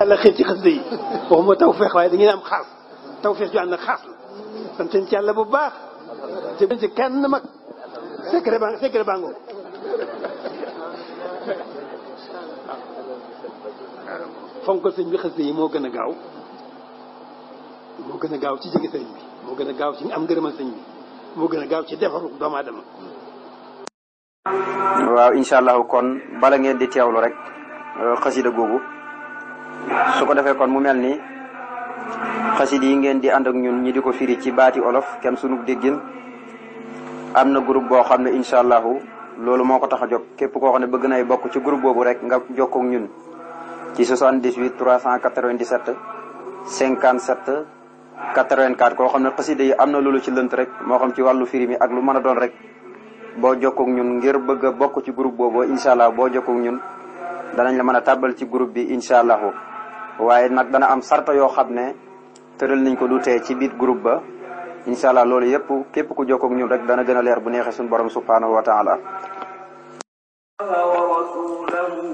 yàlla xëy ci xasida tawfeex waaye da ngeen am xaas tawfeex ju ànd ak xaas la ci yàlla bu baax jëm ci kenn mag secret ba secret sëñ bi xasida yi moo gën a gaaw moo gën a gaaw ci jege sëñ bi moo gën a gaaw ci am ngërëmal sëñ bi moo gën a gaaw ci defaru doomu aadama waaw incha allahu kon bala ngeen di teewlu rek xasida googu su ko defee kon mu mel ni xasid yi ngeen di ànd ak ñun ñi di ko firi ci baati olof kenn sunu déggin am na groupe boo xam ne incha allahu loolu moo ko tax a jóg képp koo xam ne bëgg nay bokk ci groupe boobu rek nga jokkoo ñun ci 78 397 57 84 koo xam ne xasida yi am na loolu ci lënt rek moo xam ci wàllu firi mi ak lu mën a doon rek boo jokkoo ñun ngir bëgg a bokk ci groupe boobu incha allah boo jokkoo ñun danañ la mën a tàbbal ci groupe bi incha allahu waaye nag dana am sarta yoo xam ne tëral nañ ko du tee ci biir groupe ba incha allah loolu yëpp képp ku jokkoog ñun rek dana gën a leer bu neexee suñu borom subhaanahu wa taala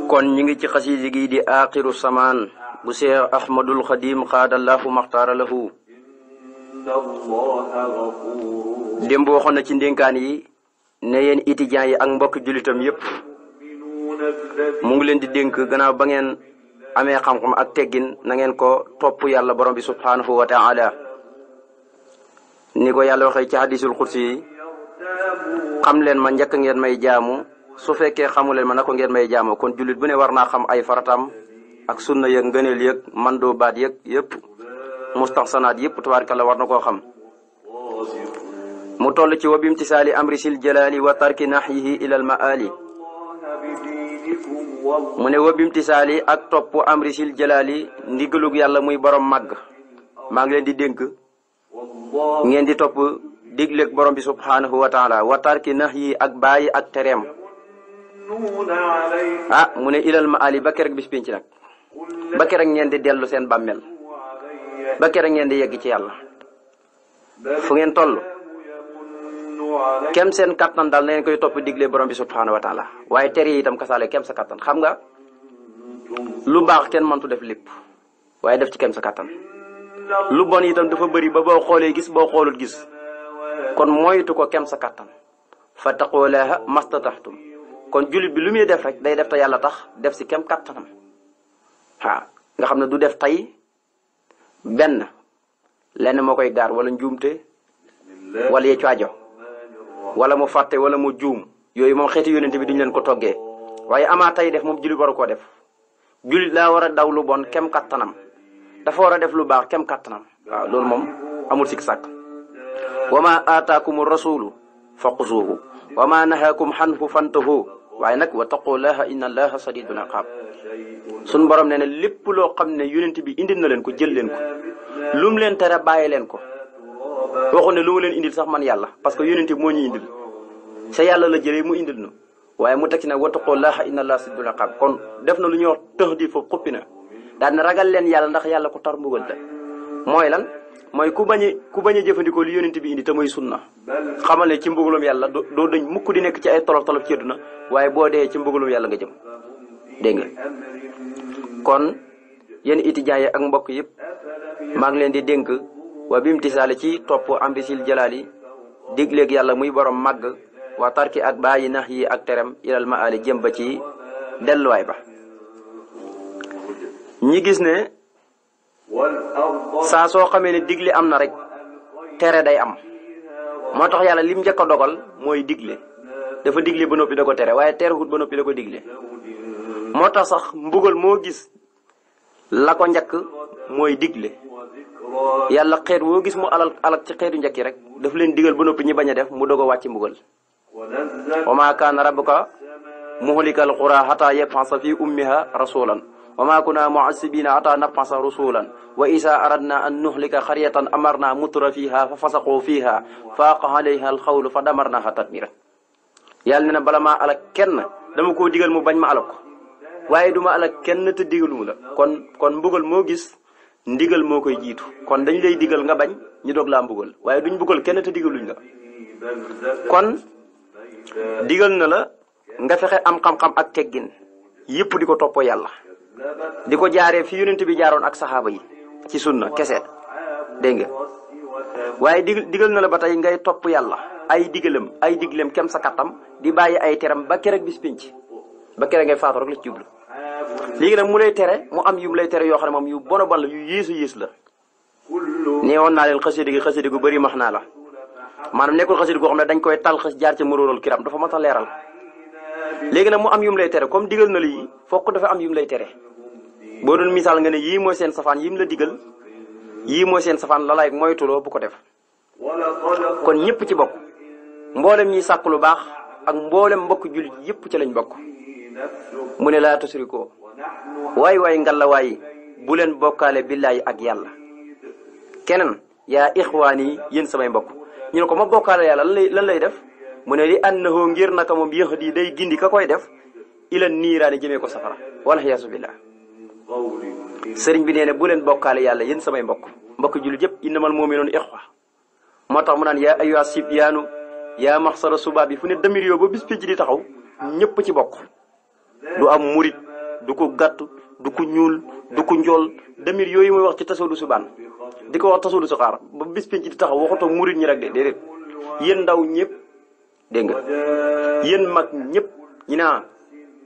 kon ñu ngi ci xasiidi gi di axiru samaan bu seex ahmadul xadim xaadallahu maxtaara lahu démb waxoon na ci ndénkaan yi ne yéen étudiants yi ak mbokk jullitam yëpp mu leen di dénk gannaaw ba amee xam-xam ak teggin nangeen ngeen ko topp yàlla borom bi subhaanahu wa taala ni ko yàlla waxee ci hadisul xudsi yi leen ma njëkk ngeen may jaamu su fekkee xamu leen ma na ko ngeen may jaamu kon julit bu ne war naa xam ay farataam ak sunna yëg ngëneel yëg mandoo baat yëg yëpp mustaxsanaat yëpp tabaarkalla war na koo xam mu toll ci wa bimtisaali amri sil jalaali wa tarki nahyihi ilal maali mu ne wabimtisaali ak topp amri sil jëlaali ndigalug yàlla muy borom màgg maa ngi leen di dénk ngeen di topp digleeg borom bi subhaanahu wa taala wa tarki nax yi ak bayi ak tereem ah mu ne ilal ma ali ba kerek bis nag ba kerek ngeen di dellu seen bàmmeel ba kerek ngeen di yegg ci yàlla fu ngeen toll kem seen kattan daal na ngeen koy topp digle borom bi subhaanahu wa taala waaye tere yi itam kasaale kem sa kattan xam nga lu baax kenn mëntu def lépp waaye def ci kem sa kattan lu bon itam dafa bari ba boo xoolee gis boo xoolul gis kon moytu ko kem sa kattan fattaqoo laaha mastatahtum kon jullit bi lu muy def rek day def te yàlla tax def si kem kattanam waaw nga xam ne du def tey benn lenn moo koy gaar wala njuumte wala yee caajo wala mo fàtte wala mu juum yooyu moom xeeti yónente bi duñu leen ko toggee waaye amaa tey def moom julit waru koo def julit laa war a daw lu bon kem kattanam dafa war a def lu baax kem kattanam waaw loolu moom amul sik sàkk wa ma aataakum rasulu faquzuhu wa ma nahaakum xanhu fantahu waaye nag wa taqullaha inna allaha sadidul iqaab suñ borom nee na lépp loo xam ne yónente bi indi na leen ko jël leen ko lum leen tere bàyyi leen ko waxoon ne lu ma leen indil sax man yàlla parce que yonente moo ñu indil sa yàlla la jëlee mu indil nu waaye mu teg ci nag wattaqoo laaha inna llaaha shadiidul iqaab kon def na lu ñuy wax di foofu xuppi na daal na ragal leen yàlla ndax yàlla ku tar mbugal la mooy lan mooy ku bañ ku bañ a jëfandikoo li yonente bi indi te muy sunna xamal ne ci mbugalum yàlla doo dañ mukk di nekk ci ay tolof tolof ci na waaye boo dee ci mbugalum yàlla nga jëm dégg nga kon yéen itijaan yi ak mbokk yëpp maa ngi leen di dénk wa bimtisaali ci topp ambisil jalaali digleeg yàlla muy boroom màgg wa tarki ak bayi nax yi ak terem ilal ma ali jëm ba ci delluwaay ba ñi gis ne saa soo xamee ne digle am na rek tere day am moo tax yàlla lim njëkk a dogal mooy digle dafa digle ba noppi da ko tere waaye terewut ba noppi da ko digle moo tax sax mbugal moo gis la ko njëkk mooy digle yàlla xeet woo gis mu alal alal ci xeetu njëkk yi rek daf leen digal ba noppi ñi a def mu doog a wàcc mbugal wa maa kaana rabbuka muhlikal qura hatta yab'asa fi ummiha rasulan wa maa kunaa mu'azzibina hatta nab'asa rasulan wa isa aradna an nuhlika qaryatan amarna mutra fiha fa fasaqu fiha xa alayha alqawlu fa damarnaha tadmira yàlla ne na bala maa alak kenn dama koo digal mu bañ ma alak ko waaye duma alak kenn te digalu la kon kon moo gis ndigal moo koy jiitu kon dañ lay digal nga bañ ñu doog laa mbugal waaye duñ mbugal kenn te digaluñ la kon digal na la nga fexe am xam-xam ak teggin yëpp di ko toppoo yàlla di ko jaaree fi yonent bi jaaroon ak saxaaba yi ci sunna kese dégg nga waaye dig digal na la ba tey ngay topp yàlla ay digalam ay diglem kem sa kattam di bàyyi ay teram ba keroog bis pinc ba keroog ngay faatu rek la ci jublu léegi nag mu lay tere mu am yu mu lay tere yoo xam ne moom yu bon a bon la yu yéesu la woon naa leen xasida gi xasida gu bëri max naa la maanaam nekkul xasida goo xam ne dañ koy tal xas jaar ci maróoral kiram dafa mat a leeral léegi nag mu am yu lay tere comme digal na la foo fokk dafa am yu lay tere boo doon misaal nga ne yii mooy seen safaan yi mu la digal yii mooy seen safaan lalaay moytuloo bu ko def kon ñëpp ci bokk mboolem ñi sàkk lu baax ak mboolem mbokk jullit yëpp ci lañ bokk mu ne laa tusrikoo waay waay ngalawaay bu leen bokkaale billaay ak yàlla keneen yaa ixwaan yi yéen samay mbokk ñu ne ko ma bokkaale yàlla lan lay def mu ne li annahu ngir naka moom yahdi day gindi ka koy def ila niiraani jëmee ko safara wala yaasu billah sëriñ bi nee ne bu leen bokkaale yàlla yéen samay mbokk mbokk jullit yëpp innamal mu'minuuna ixwa moo tax mu naan yaa ayyuha sibyaanu yaa maxsara subaa bi fu ne damir yoo ba bis pénc di taxaw ñëpp ci bokk du ko gàtt du ko ñuul dukku ko njool damir yooyu mooy wax ci tasalu subaan di ko wax tasalu suxaar ba bis penc di taxaw waxutoo murit ñi rek de déedéet yéen ndaw ñëpp dégg nga yéen mag ñëpp ñu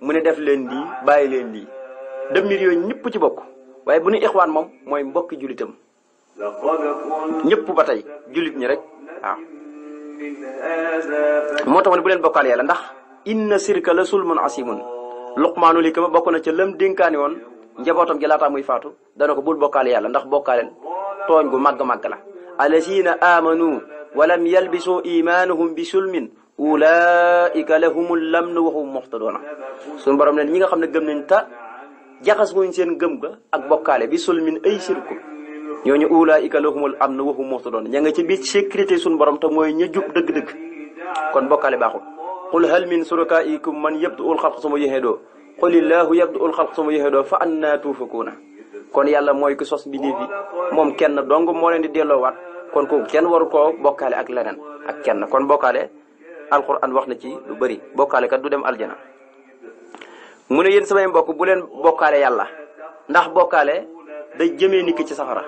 mu ne def leen di bàyyi leen lii damir yooyu ñëpp ci bokk waaye bu ñu ixwaan moom mooy mbokki jullitam ñëpp ba tey jullit ñi rek moo tax ma ne bu leen bokkaal yàlla ndax inna sirka la sulmun asimun luqmaanu li kama bokk na ca lam dénkaani woon njabootam gi laataa muy faatu dana ko bul bokkaale yàlla ndax bokkaale tooñ gu màgg-màgg la alazina amanu walam yalbisu imaanahum bi sulmin ulaika lahumul lamnu wa hum muhtadoona suñu borom ne ñi nga xam ne gëm nañ ta jaxas wuñ seen gëm ga ak bokkaale bi sulmin ay sirku ñooñu ulaika lahumul amnu wa hum muhtadoona ña nga ci biir sécurité suñu borom te mooy ña jub dëgg-dëgg kon bokkaale baaxul qul hal min surakaikum man yabduul xalq suma yexeedoo qulillahu yabduul xalq suma yexeedoo fa annaa tuufakuuna kon yàlla mooy ki sos mbindeef yi moom kenn dong moo leen di delloowaat kon kooku kenn waru koo bokkaale ak leneen ak kenn kon bokkaale alquran wax na ci lu bari bokkaale kat du dem aljana mu ne yéen samay mbokk bu leen bokkaale yàlla ndax bokkaale day jëmee nit ci safara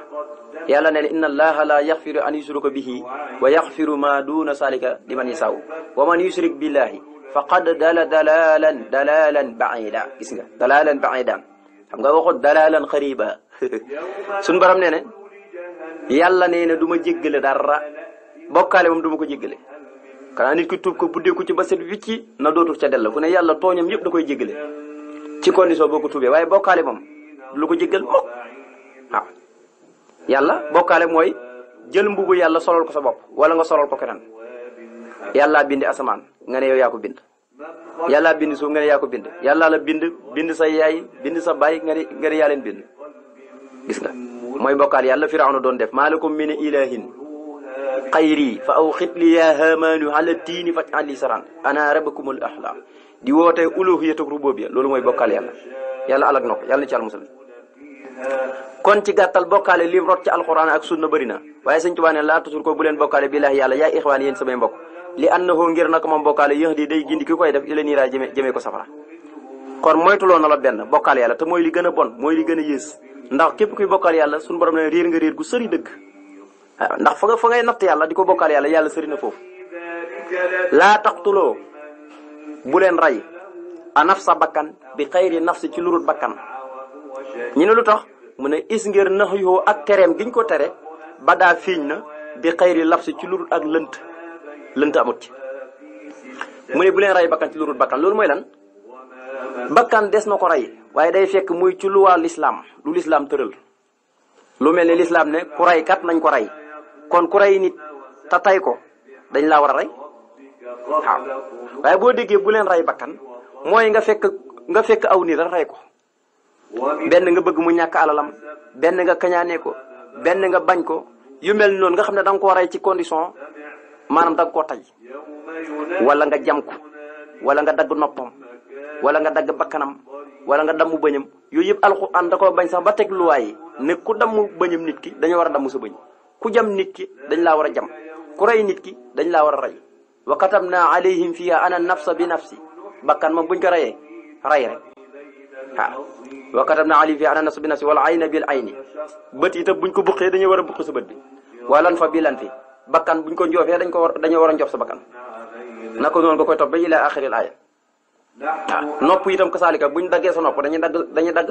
yàlla ne inna allaha la yaxfiru an yusruka bihi wa yaxfiru ma duuna salika liman yasaw wa man yusrik billahi faqad dala dalalan dalalan baida gis nga dalalan baida xam nga waxut dalalan xariba suñ baram nee ne yàlla nee na du ma jéggale dara bokkaale moom du ko jéggale xanaa nit ki tuub ko buddeeku ci ba set wicci na dootul ca della ku ne yàlla ñam yëpp da koy jéggale ci condition boo ko tuubee waaye bokkaale moom lu ko jéggal waaw yàlla bokkaale mooy jël mbubu yàlla solol ko sa bopp wala nga solol ko keneen yàllaa bindi asamaan nga ne yow yaa bind yàllaa bind suuf nga ne yaa bind yàllaa la bind bind sa yaay bind sa baay nga ne nga ne yaa leen bind gis nga mooy bokkaal yàlla firawna doon def maalakum min ilahin xayri fa aw xitli yaa haamaanu ala tiini faj ali saran ana rabbakumul ahla di woote uluhiyatuk rububiyya loolu mooy bokkaal yàlla yàlla alag na ko yàlla kon ci gàttal bokkaale li rot ci alquran ak sunna bëri na waaye sëñ Tuubaa ne laa tusul ko bu leen bokkaale billaahi yàlla yaa ixwaan yéen samay mbokk li annahu ngir na ko moom bokkaale yéex di day koy def ila niiraa jëme ko safara kon moytuloo na la benn bokkaale yàlla te mooy li gën a bon mooy li gën a yées ndax képp kuy bokkaale yàlla suñu borom ne réer nga réer gu sëri dëgg ndax fa nga fa ngay natt yàlla di ko bokkaale yàlla yàlla sëri na foofu laa taqtuloo bu leen rey a sa bakkan bi xayri nafsi ci lurut bakkan ñu ne lu tax mu ne is ngir nax yoo ak tereem giñ ko tere ba daa fiiñ na bi xayri lab si ci lurut ak lënt lënt amut ci mu ne bu leen rey bakkan ci lurut bakkan loolu mooy lan bakkan des na ko rey waaye day fekk muy ci luwaa lislaam lu lislaam tëral lu mel ni lislaam ne ku rey kat nañ ko rey kon ku rey nit te tay ko dañ laa war a rey waaye boo déggee bu leen rey bakkan mooy nga fekk nga fekk aw nii rek rey ko benn nga bëgg mu ñàkk alalam benn nga kañaanee ko benn nga bañ ko yu mel noonu nga xam ne da nga koo rey ci condition maanaam da nga koo tay wala nga jam ko wala nga dagg noppam wala nga dagg bakkanam wala nga damm bëñam yooyu yëpp alxuraan da ko bañ sax ba teg luwaay yi ne ku damm bëñam nit ki dañoo war a damm sa bëñ ku jam nit ki dañ laa war a jam ku rey nit ki dañ laa war a rey wa katabna alayhim fiha ana nafsa bi nafsi bakkan moom buñ ko reyee rey rek wa katabna na fi ana nas bi nasi wal ayna bil ayni bët yi tam buñ ko buqee dañuy war a buqi sa bët bi waa lan fa bi lan fi bakkan buñ ko njoofee dañ ko war dañoo war a njoof sa bakkan naka noonu nga koy topp ba ila axiril aaya waaw nopp itam kasaalika buñ daggee sa nopp dañuy dagg dañuy dagg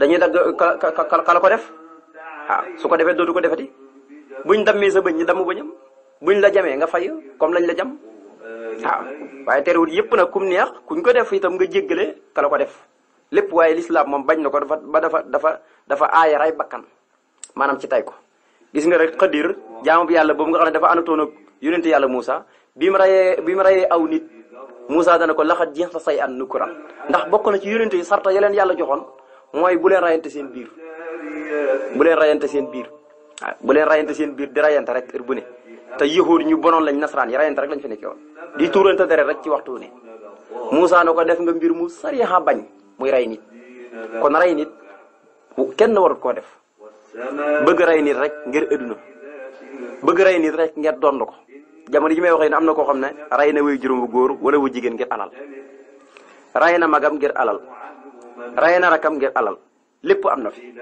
dañuy dagg ka kala ko def waaw su ko defee dootu ko defati buñ dammee sa bëñ ñi damm bëñam buñ la jamee nga fay comme lañ la jam waaw waaye terewul yëpp nag kum neex kuñ ko def itam nga jéggale kala ko def lépp waaye lislaam moom bañ na ko dafa ba dafa dafa dafa aaya ray bakkan maanaam ci tay ko gis nga rek xadir jaamu bi yàlla boobu nga xam ne dafa àndatoon ak yonente yàlla Moussa bi mu rayee bi mu rayee aw nit Moussa dana ko laxat jeex sa say an nukuran ndax bokk na ci yonente yi sarta ya leen yàlla joxoon mooy bu leen rayante seen biir bu leen rayante seen biir waaw bu leen rayante seen biir di rayante rek heure bu ne te yëxóor ñu bonoon lañ nasaraan yi rayante rek lañ fi nekkee woon di tuurante deret rek ci waxtu ne Moussa na ko def nga mbir mu sarixa bañ muy rey nit kon rey nit kenn war koo def bëgg rey nit rek ngir adduna bëgg rey nit rek ngir dond ko jamono ji may waxee ne am na koo xam ne rey na wuy juróom bu góor wala wu jigéen ngir alal rey na magam ngir alal rey na rakam ngir alal lépp am na fi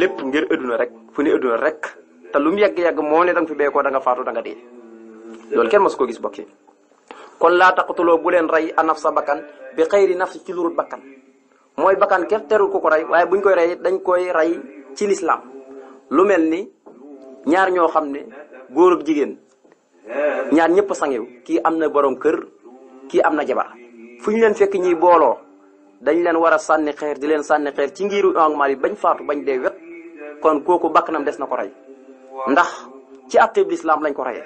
lépp ngir adduna rek fu ne adduna rek te lu mu yàgg-yàgg moo ne danga fi bee danga da nga faatu da dee loolu kenn mas koo gis bokki kon laa taqatuloo bu leen rey anaf sa bakkan bi xayri nafsi ci lurut bakkan mooy bakkan kenn terul ku ko rey waaye buñ koy dañ koy rey ci lislaam lu mel ni ñaar ñoo xam ne góor ak jigéen ñaar ñëpp sangew kii am na borom kër kii am na jabar fu ñu leen fekk ñi booloo dañ leen war a sànni xeer di leen sànni xeer ci ngiru yi bañ faatu bañ dee wet kon kooku bakkanam des na ko rey ndax ci atteb lislaam lañ ko reyee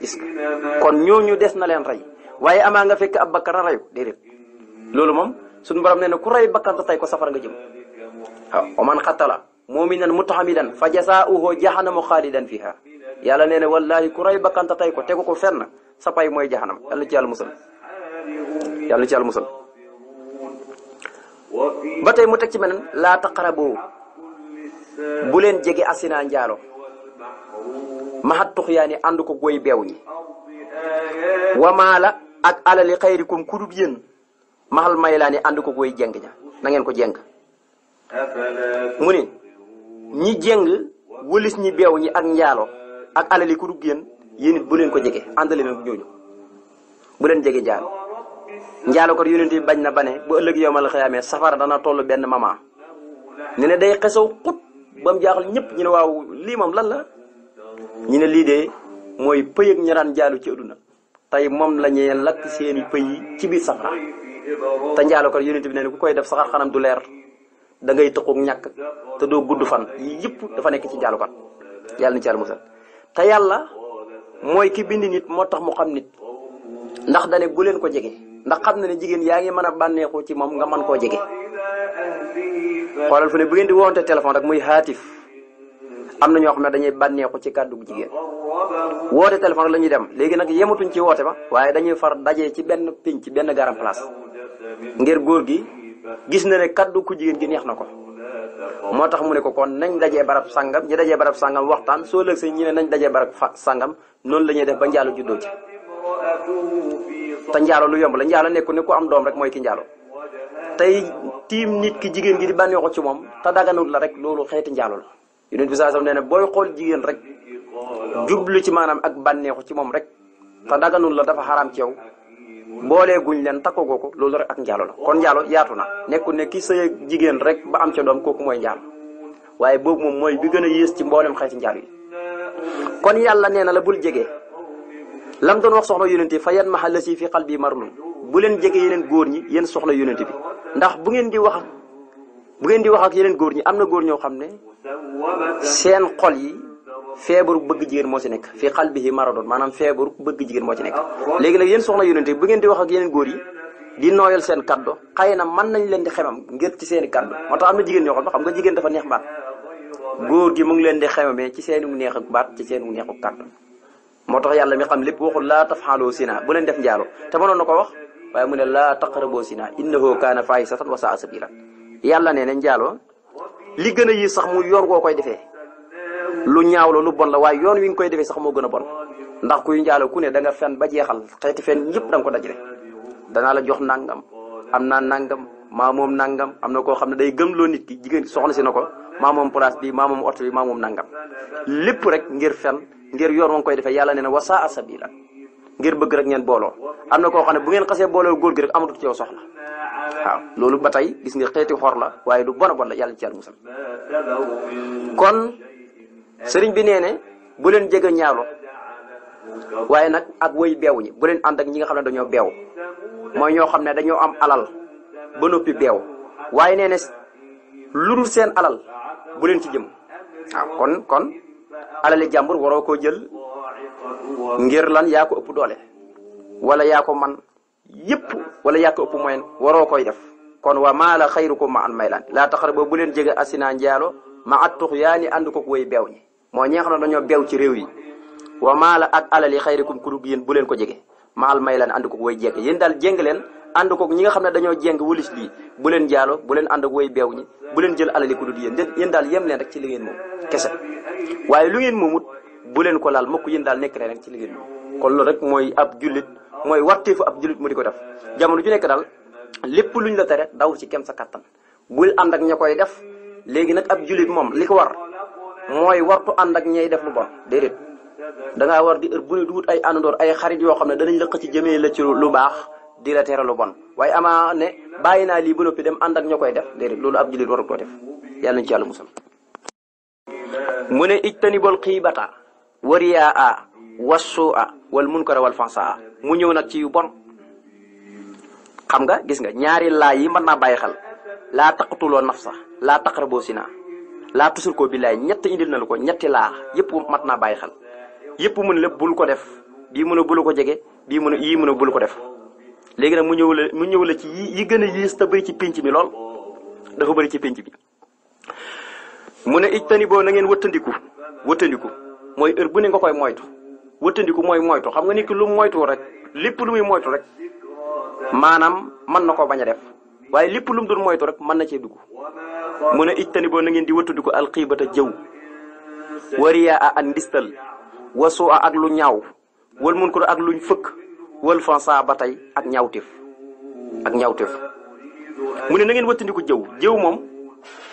gis nga kon ñooñu des na leen rey waaye amaa nga fekk ab bakkara reyu déedéet loolu moom suñu borom nee na ku rey bakkan te tey ko safara nga jëm waaw wa man xatala muminan mutaxamidan fa jasaauhu jahanamu xaalidan fiha yàlla nee na wallahi ku rey bakkan te ko tegu ko fenn sa pay mooy jahanam yàlla ci yàlla musal yàlla ci yàlla musal mu teg ci meneen laa taqrabu bu leen jege asina njaalo maxat tux yaa ni ko goy beew ñi wamaala ak alali xayrikum kudub yéen maxal maylaani ànd ko koy jeng ja na ngeen ko jeng mu ni ñi jeng wëlis ñi beew ñi ak njaalo ak alali ku dugg yéen bu leen ko jege àndale leen ko ñooñu bu leen jege njaalo njaalo ko yonent bi bañ na bane ba ne bu ëllëg yowmal xiyaamee safara dana toll benn mama ne ne day xesaw xut ba mu jaaxal ñépp ñu waaw lii moom lan la ñu ne lii de mooy pëy ak ñi daan jaalu ci adduna tey moom la ñuy lakk seeni pëy ci biir safara te njaalo ko yonent bi ne ku koy def saxar xanam du leer da ngay tëqoog ñàkk te doo gudd fan yii yëpp dafa nekk ci njaalokat yàlla na ci yàlla te yàlla mooy ki bind nit moo tax mu xam nit ndax dane gu leen ko jege ndax xam na ne jigéen yaa ngi mën a bànneexu ci moom nga man koo jege xoolal fu ne bu ngeen di woonte téléphone rek muy haatif am na ñoo xam ne dañuy bànneexu ci kaddu jigéen woote téléphone la ñuy dem léegi nag yematuñ ci woote ba waaye dañuy far dajee ci benn pinc benn garam ngir góor gi gis na ne kaddu ku jigéen gi neex na ko moo tax mu ne ko kon nañ daje barab sàngam ñu daje barab sàngam waxtaan soo lëg si ñu ne nañ dajee barab sàngam noonu la ñuy def ba njaalo juddoo ci te njaalo lu yomb la njaalo nekku ne ku am doom rek mooy ki njaalo tey tiim nit ki jigéen gi di bànneexu ci moom te daganul la rek loolu xeeti njaalo la yonent ne saa sam nee booy xool jigéen rek jublu ci maanaam ak bànneexu ci moom rek te daganul la dafa xaraam ci yow mboolee guñ leen takkagoo ko loolu rek ak njaalo kon njaalo yaatu na nekkul ne ki sëy jigéen rek ba am ca doom kooku mooy njaalo waaye boobu moom mooy bi gën a yées ci mboolem xeeti njaalo yi kon yàlla nee na la bul jege lam doon wax soxna yonente fa yan maxalla si fi xal bi marlum bu leen jege yeneen góor ñi yéen soxna yonente bi ndax bu ngeen di wax bu ngeen di wax ak yeneen góor ñi am na góor ñoo xam ne seen xol yi feebaru bëgg jigéen moo ci nekk fii qalbihi maradun maanaam feebaru bëgg jigéen moo ci nekk léegi nag yéen soxna yonente bu ngeen di wax ak yeneen góor yi di nooyal seen kaddu xëy na mën nañ leen di xemam ngir ci seeni i kaddu moo tax am jigéen ñoo xam ne xam nga jigéen dafa neex baat góor gi mu ngi leen di xemamee ci seenu neex ak baat ci seenu neex ak kaddu moo tax yàlla mi xam lépp waxul laa tafxaloo sina bu leen def njaalo te mënoon na ko wax waaye mu ne laa taqraboo sina innahu kaana fahisatan wa saa sabilan yàlla nee na njaalo li gën a yi sax mu yor goo koy defee lu ñaaw la lu bon la waaye yoon wi nga koy defee sax moo gën a bon ndax kuy njaalo ku ne da nga fen ba jeexal xeeti fen yëpp da nga ko dajale danaa la jox nangam am na nangam maa moom nangam am na koo xam ne day gëm loo nit ki jigéen soxna si na ko maa moom place bi maa moom oto bi maa nangam lépp rek ngir fen ngir yoon wa koy defee yàlla nee na wasaa la ngir bëgg rek ngeen booloo am na koo xam ne bu ngeen xasee booloo góor gi rek amatul ci yow loolu ba tey gis nga xeeti xor la waaye lu bon a yàlla ci yàlla musal sëriñ bi nee ne bu leen jege ñaalu waaye nag ak woy beew ñi bu leen ànd ak ñi nga xam ne dañoo beew mooy ñoo xam ne dañoo am alal ba noppi beew waaye nee ne lu dul seen alal bu leen ci jëm ah, kon kon alali jàmbur waroo koo jël ngir lan yaa ko ëpp doole wala yaa ko man yëpp wala yaa ko ëpp moyen waroo koy def kon wa maa la xayrukum ma an lan laa taxar ba bu leen jege asina njaalo ma at tux yaa ni ànd ko woy beew ñi mooy ñi nga dañoo beew ci réew yi waa maa la ak alal yi xayrikum ku dugg yéen bu leen ko jege maal may laan ànd ko way jekk yéen daal jéng leen ànd ko ñi nga xam ne dañoo jéng walis lii bu leen jaalo bu leen ànd ak way beew ñi bu leen jël alal yi ku dugg yéen yéen daal yem leen rek ci li ngeen moom kese waaye lu ngeen moomut bu leen ko laal mokk yéen daal nekk leen rek ci li ngeen moom kon loolu rek mooy ab jullit mooy warteefu ab jullit mu di ko def jamono ju nekk daal lépp luñ la tere daw ci kem sa kattan bul ànd ak ña koy def léegi nag ab jullit moom li ko war mooy wartu ànd ak ñey def lu bon déedéet dangaa war di ër bu ne ay àndandoor ay xarit yoo xam ne danañ lëq ci jëmee la ci lu baax di la lu bon waaye amaa ne bàyyi naa lii ba noppi dem ànd ak ña koy def déedéet loolu ab jullit waru koo def yàlla nañu ci yàlla musal mu ne ijtanibul xiibata wa riyaa wa a wal mun munkara wal fansaa mu ñëw nag ci yu bon xam nga gis nga ñaari laa yi mën naa bàyyi xel laa taqatuloo sax laa taqraboo sinaa laa tusul ko billaay ñett indil na la ko ñetti laa yëpp mat naa bàyyi xel yëpp mu lépp bul ko def bii mu a bul ko jege bii mu ne yii mu ne bul ko def léegi nag mu ñëw la mu ñëw la ci yi gën a yées te bëri ci pinc mi lool dafa bëri ci pénc bi mu ne ijtani boo na ngeen wëttandiku wëttandiku mooy heure bu ne nga koy moytu wëttandiku mooy moytu xam nga nit ki lu moytu rek lépp lu muy moytu rek maanaam mën na ko bañ a def waaye lépp lu mu doon moytu rek mën na cee dugg mu ne ijtani boo ngeen di wattudu ko alxiibata jëw wariyaa a ak ndistal wasoo a ak lu ñaaw wal mun ak lu fëkk wal fansa ba tey ak ñaawteef ak ñaawteef mu ne na ngeen wattandiku jëw jëw moom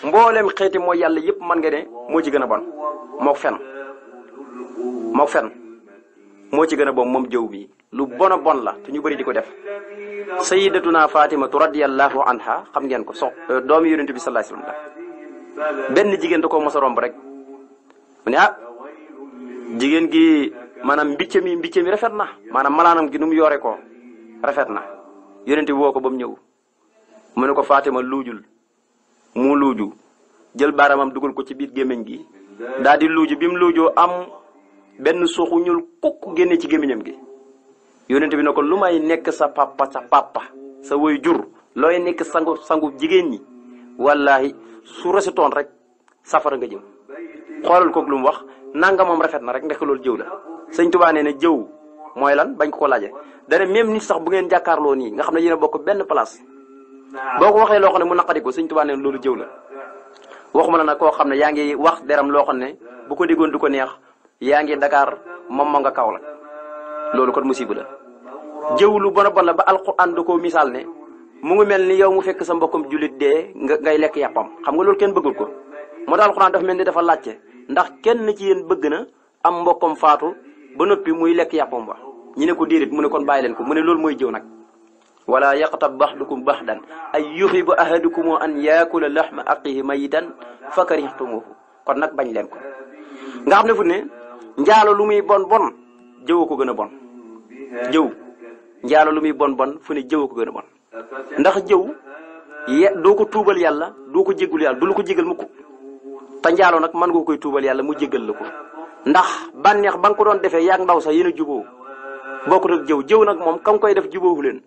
mbooleem xeeti mooy yàlla yépp man nga ne moo ci gën a bon moo fen moo fen moo ci gën a bon moom jëw bi lu bon a bon la te ñu bari di ko def sayyidatuna fatimatu radiyallahu anha xam ngeen ko so euh, doomi yonente bi sallallahu alayhi benn jigéen da ko mos a romb rek mu ne ah jigéen gi maanaam mbicce mi mbicce mi rafet na maanaam malaanam gi nu mu yore ko rafet na yonente bi woo ko ba mu ñëw mu ne ko fatima luujul mu luuju jël baaraamam dugal ko ci biir gémmiñ gi daal di luuju bi mu am benn suuxu ñuul kukk génne ci gémmiñam gi yonent bi na ko lu may nekk sa papa sa papa sa woy jur looy nekk sangu sangu jigéen ñi wallahi su resetoon rek safara nga jëm xoolal koog lu mu wax nanga moom rafet na rek ndekk loolu jëw la sëñ Tuubaa na jëw mooy lan bañ ko ko laaje dara même sax bu ngeen jàkkaarloo nii nga xam ne yéen a bokk benn place boo ko waxee loo xam ne mu naqari ko sëñ loolu jëw la waxuma la nag koo xam ne yaa ngi wax deram loo xam ne bu ko déggoon du ko neex yaa ngi dakaar moom ma nga kaw la loolu kon musiba la jëw lu bona bon la ba alquran da koo misaal ne mu ngi mel ni yow mu fekk sa mbokkum jullit dee nga ngay lekk yàppam xam nga loolu kenn bëggul ko moo tax alquran dafa mel ni dafa laajte ndax kenn ci yéen bëgg na am mbokkom faatu ba noppi muy lekk yàppam ba ñu ne ko déedéet mu ne kon bàyyi leen ko mu ne loolu mooy jëw nag wala yaqtab baxdukum baxdan ay yuxibu ahadukumu an yaakula laxma aqihi mayitan fa karixtumuhu kon nag bañ leen ko nga xam ne fu ne njaalo lu muy bon bon jëw ko gën a bon jëw njaalo lu muy bon bon fu ne jëw ko gën a bon ndax jëw ye doo ko tuubal yàlla doo ko jéggul yàlla du lu ko jégal mukk te njaalo nag mën nga koy tuubal yàlla mu jégal la ko ndax banneex ba nga ko doon defee yaag ndaw sax yéen a juboo boo ko ak jëw jëw nag moom kam koy def juboowu leen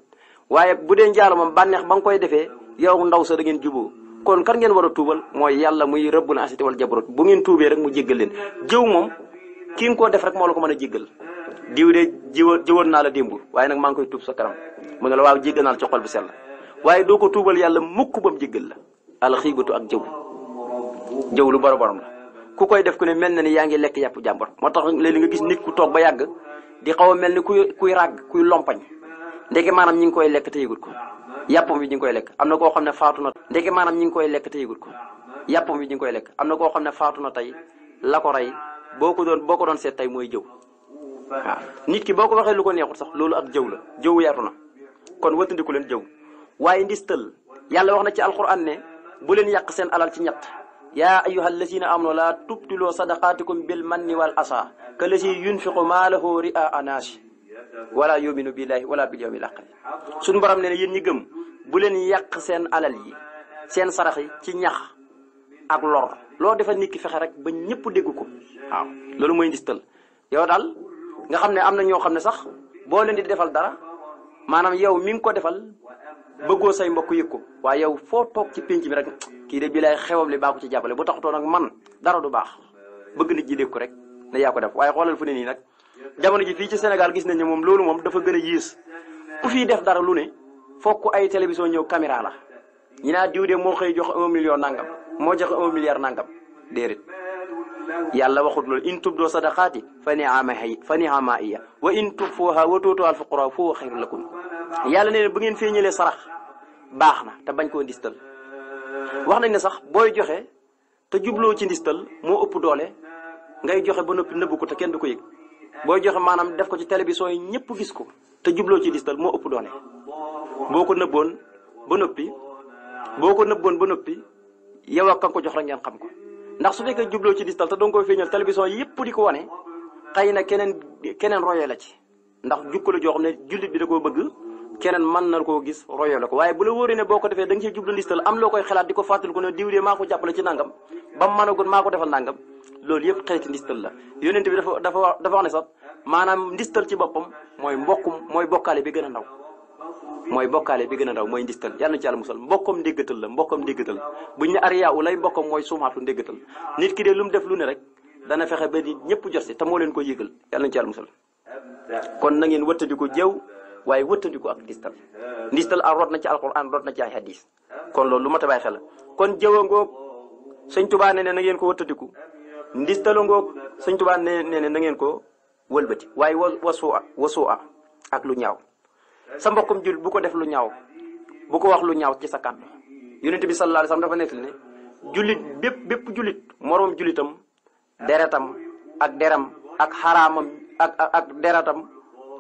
waaye bu dee njaalo moom bànneex ba nga koy defee yow ndaw sa da ngeen juboo kon kan ngeen war a tuubal mooy yàlla muy rëbbul asiti wal jabarut bu ngeen tuubee rek mu jéggal leen jëw moom ki nga def rek moo la ko mën a jéggal diw de jiw jiwoon naa la démb waaye nag maa ngi koy tuub sa kanam mu ne la waaw jéggal naa la ci xol bu la waaye doo ko tuubal yàlla mukk ba mu jéggal la alxiibatu ak jëw jëw lu boro borom la ku koy def ku ne mel na ni yaa ngi lekk yàpp jàmbor moo tax li nga gis nit ku toog ba yàgg di xaw a mel ni kuy kuy ràgg kuy lompañ ndeke maanaam ñi ngi koy lekk te yëgut ko yàppam bi ñu ngi koy lekk am na koo xam ne faatu na ndeke maanaam ñi ngi koy lekk te ko yàppam bi ñi ngi koy lekk am na koo xam ne faatu na tey la ko rey boo ko doon boo ko doon tey mooy jëw waaw nit ki boo ko waxee lu ko neexut sax loolu ak jëw la jëw yaatu na kon wattandiku leen jëw waaye ndistal yàlla wax na ci alquran ne bu leen yàq seen alal ci ñett yaa ayuha allazina amanu laa tubtiloo sadaqaatikum bil manni wal asa ka lazi yunfiqu maalahu ria anaasi wala yuminu billahi wala bil yawmil aaxir suñu borom ne ne yéen ñi gëm bu leen yàq seen alal yi seen sarax yi ci ñax ak lor loo defal nit fexe rek ba ñëpp dégg ko waaw loolu mooy ndistal yow nga xam ne am na ñoo xam ne sax boo leen di defal dara maanaam yow mi ngi ko defal bëggoo say mbokk yëg ko waaye yow foo toog ci pénc mi rek kii de bii lay xewam li baa ko ci jàppale bu taxutoo nag man dara du baax bëgg nit ji dégg ko rek ne yaa ko def waaye xoolal fu ne nii nag jamono ji fii ci Sénégal gis nañ ne moom loolu moom dafa gën a yées ku fii def dara lu ne fokk ay télévision ñëw caméra la ñu naa diw de moo xëy jox un million nangam moo jox un milliard nangam déedéet yàlla waxut loolu in tubdoo sadaqaati fa niama fa niama hiya wa in tubfuuha wa tuutuha alfuqara foofu xayru lakum yàlla nee na bu ngeen feeñalee sarax baax na te bañ koo ndistal wax nañ ne sax booy joxe te jubloo ci ndistal moo ëpp doole ngay joxe ba noppi nëbbu ko te kenn du ko yëg booy joxe maanaam def ko ci télévision yi ñëpp gis ko te jubloo ci ndistal moo ëpp doole boo ko nëbboon ba noppi boo ko nëbboon ba noppi yow ak kan ko jox rek ngeen ndax su fekkee jubloo ci distal te danga koy feeñal télévision yëpp di ko wane xëy na keneen keneen royee la ci ndax jukkalu la xam ne jullit bi da koo bëgg keneen mën na ko gis royee la ko waaye bu la wóoree ne boo ko defee da nga ciy jublu distal am loo koy xalaat di ko fàttali ko ne diw dee maa ko jàppale ci nangam ba mu a gun maa ko defal nangam loolu yëpp xeeti ndistal la yonent bi dafa dafa dafa wax ne sax maanaam ndistal ci boppam mooy mbokkum mooy bokkaale bi gën a ndaw mooy bokkaale bi gën a ndaw mooy ndistal yàlla na ci yàlla musal mbokkam ndéggatal la mbokkam ndéggatal buñ ne ariyaa u lay mbokkam mooy suumaatu ndéggatal nit ki de lu mu def lu ne rek dana fexe ba nit ñëpp jot si te moo leen ko yëgal yàlla na ci yàlla kon na ngeen wëttandiku jëw waaye wëttandiku ak ndistal ndistal a root na ci alquran root na ci ay hadis kon loolu lu ma tabaay xel kon jëwa ngoog sëñ tubaa ne ne na ngeen ko wëttandiku ndistala ngoog sëñ tubaa ne ne na ngeen ko wëlbati waaye wasu wasu ak lu ñaaw sa mbokkum jul bu ko def lu ñaaw bu ko wax lu ñaaw ci sa kàddu bi sallallahu alayhi wasallam dafa nekk ne jullit bépp bépp jullit moroom jullitam deretam ak deram ak xaraamam ak ak deretam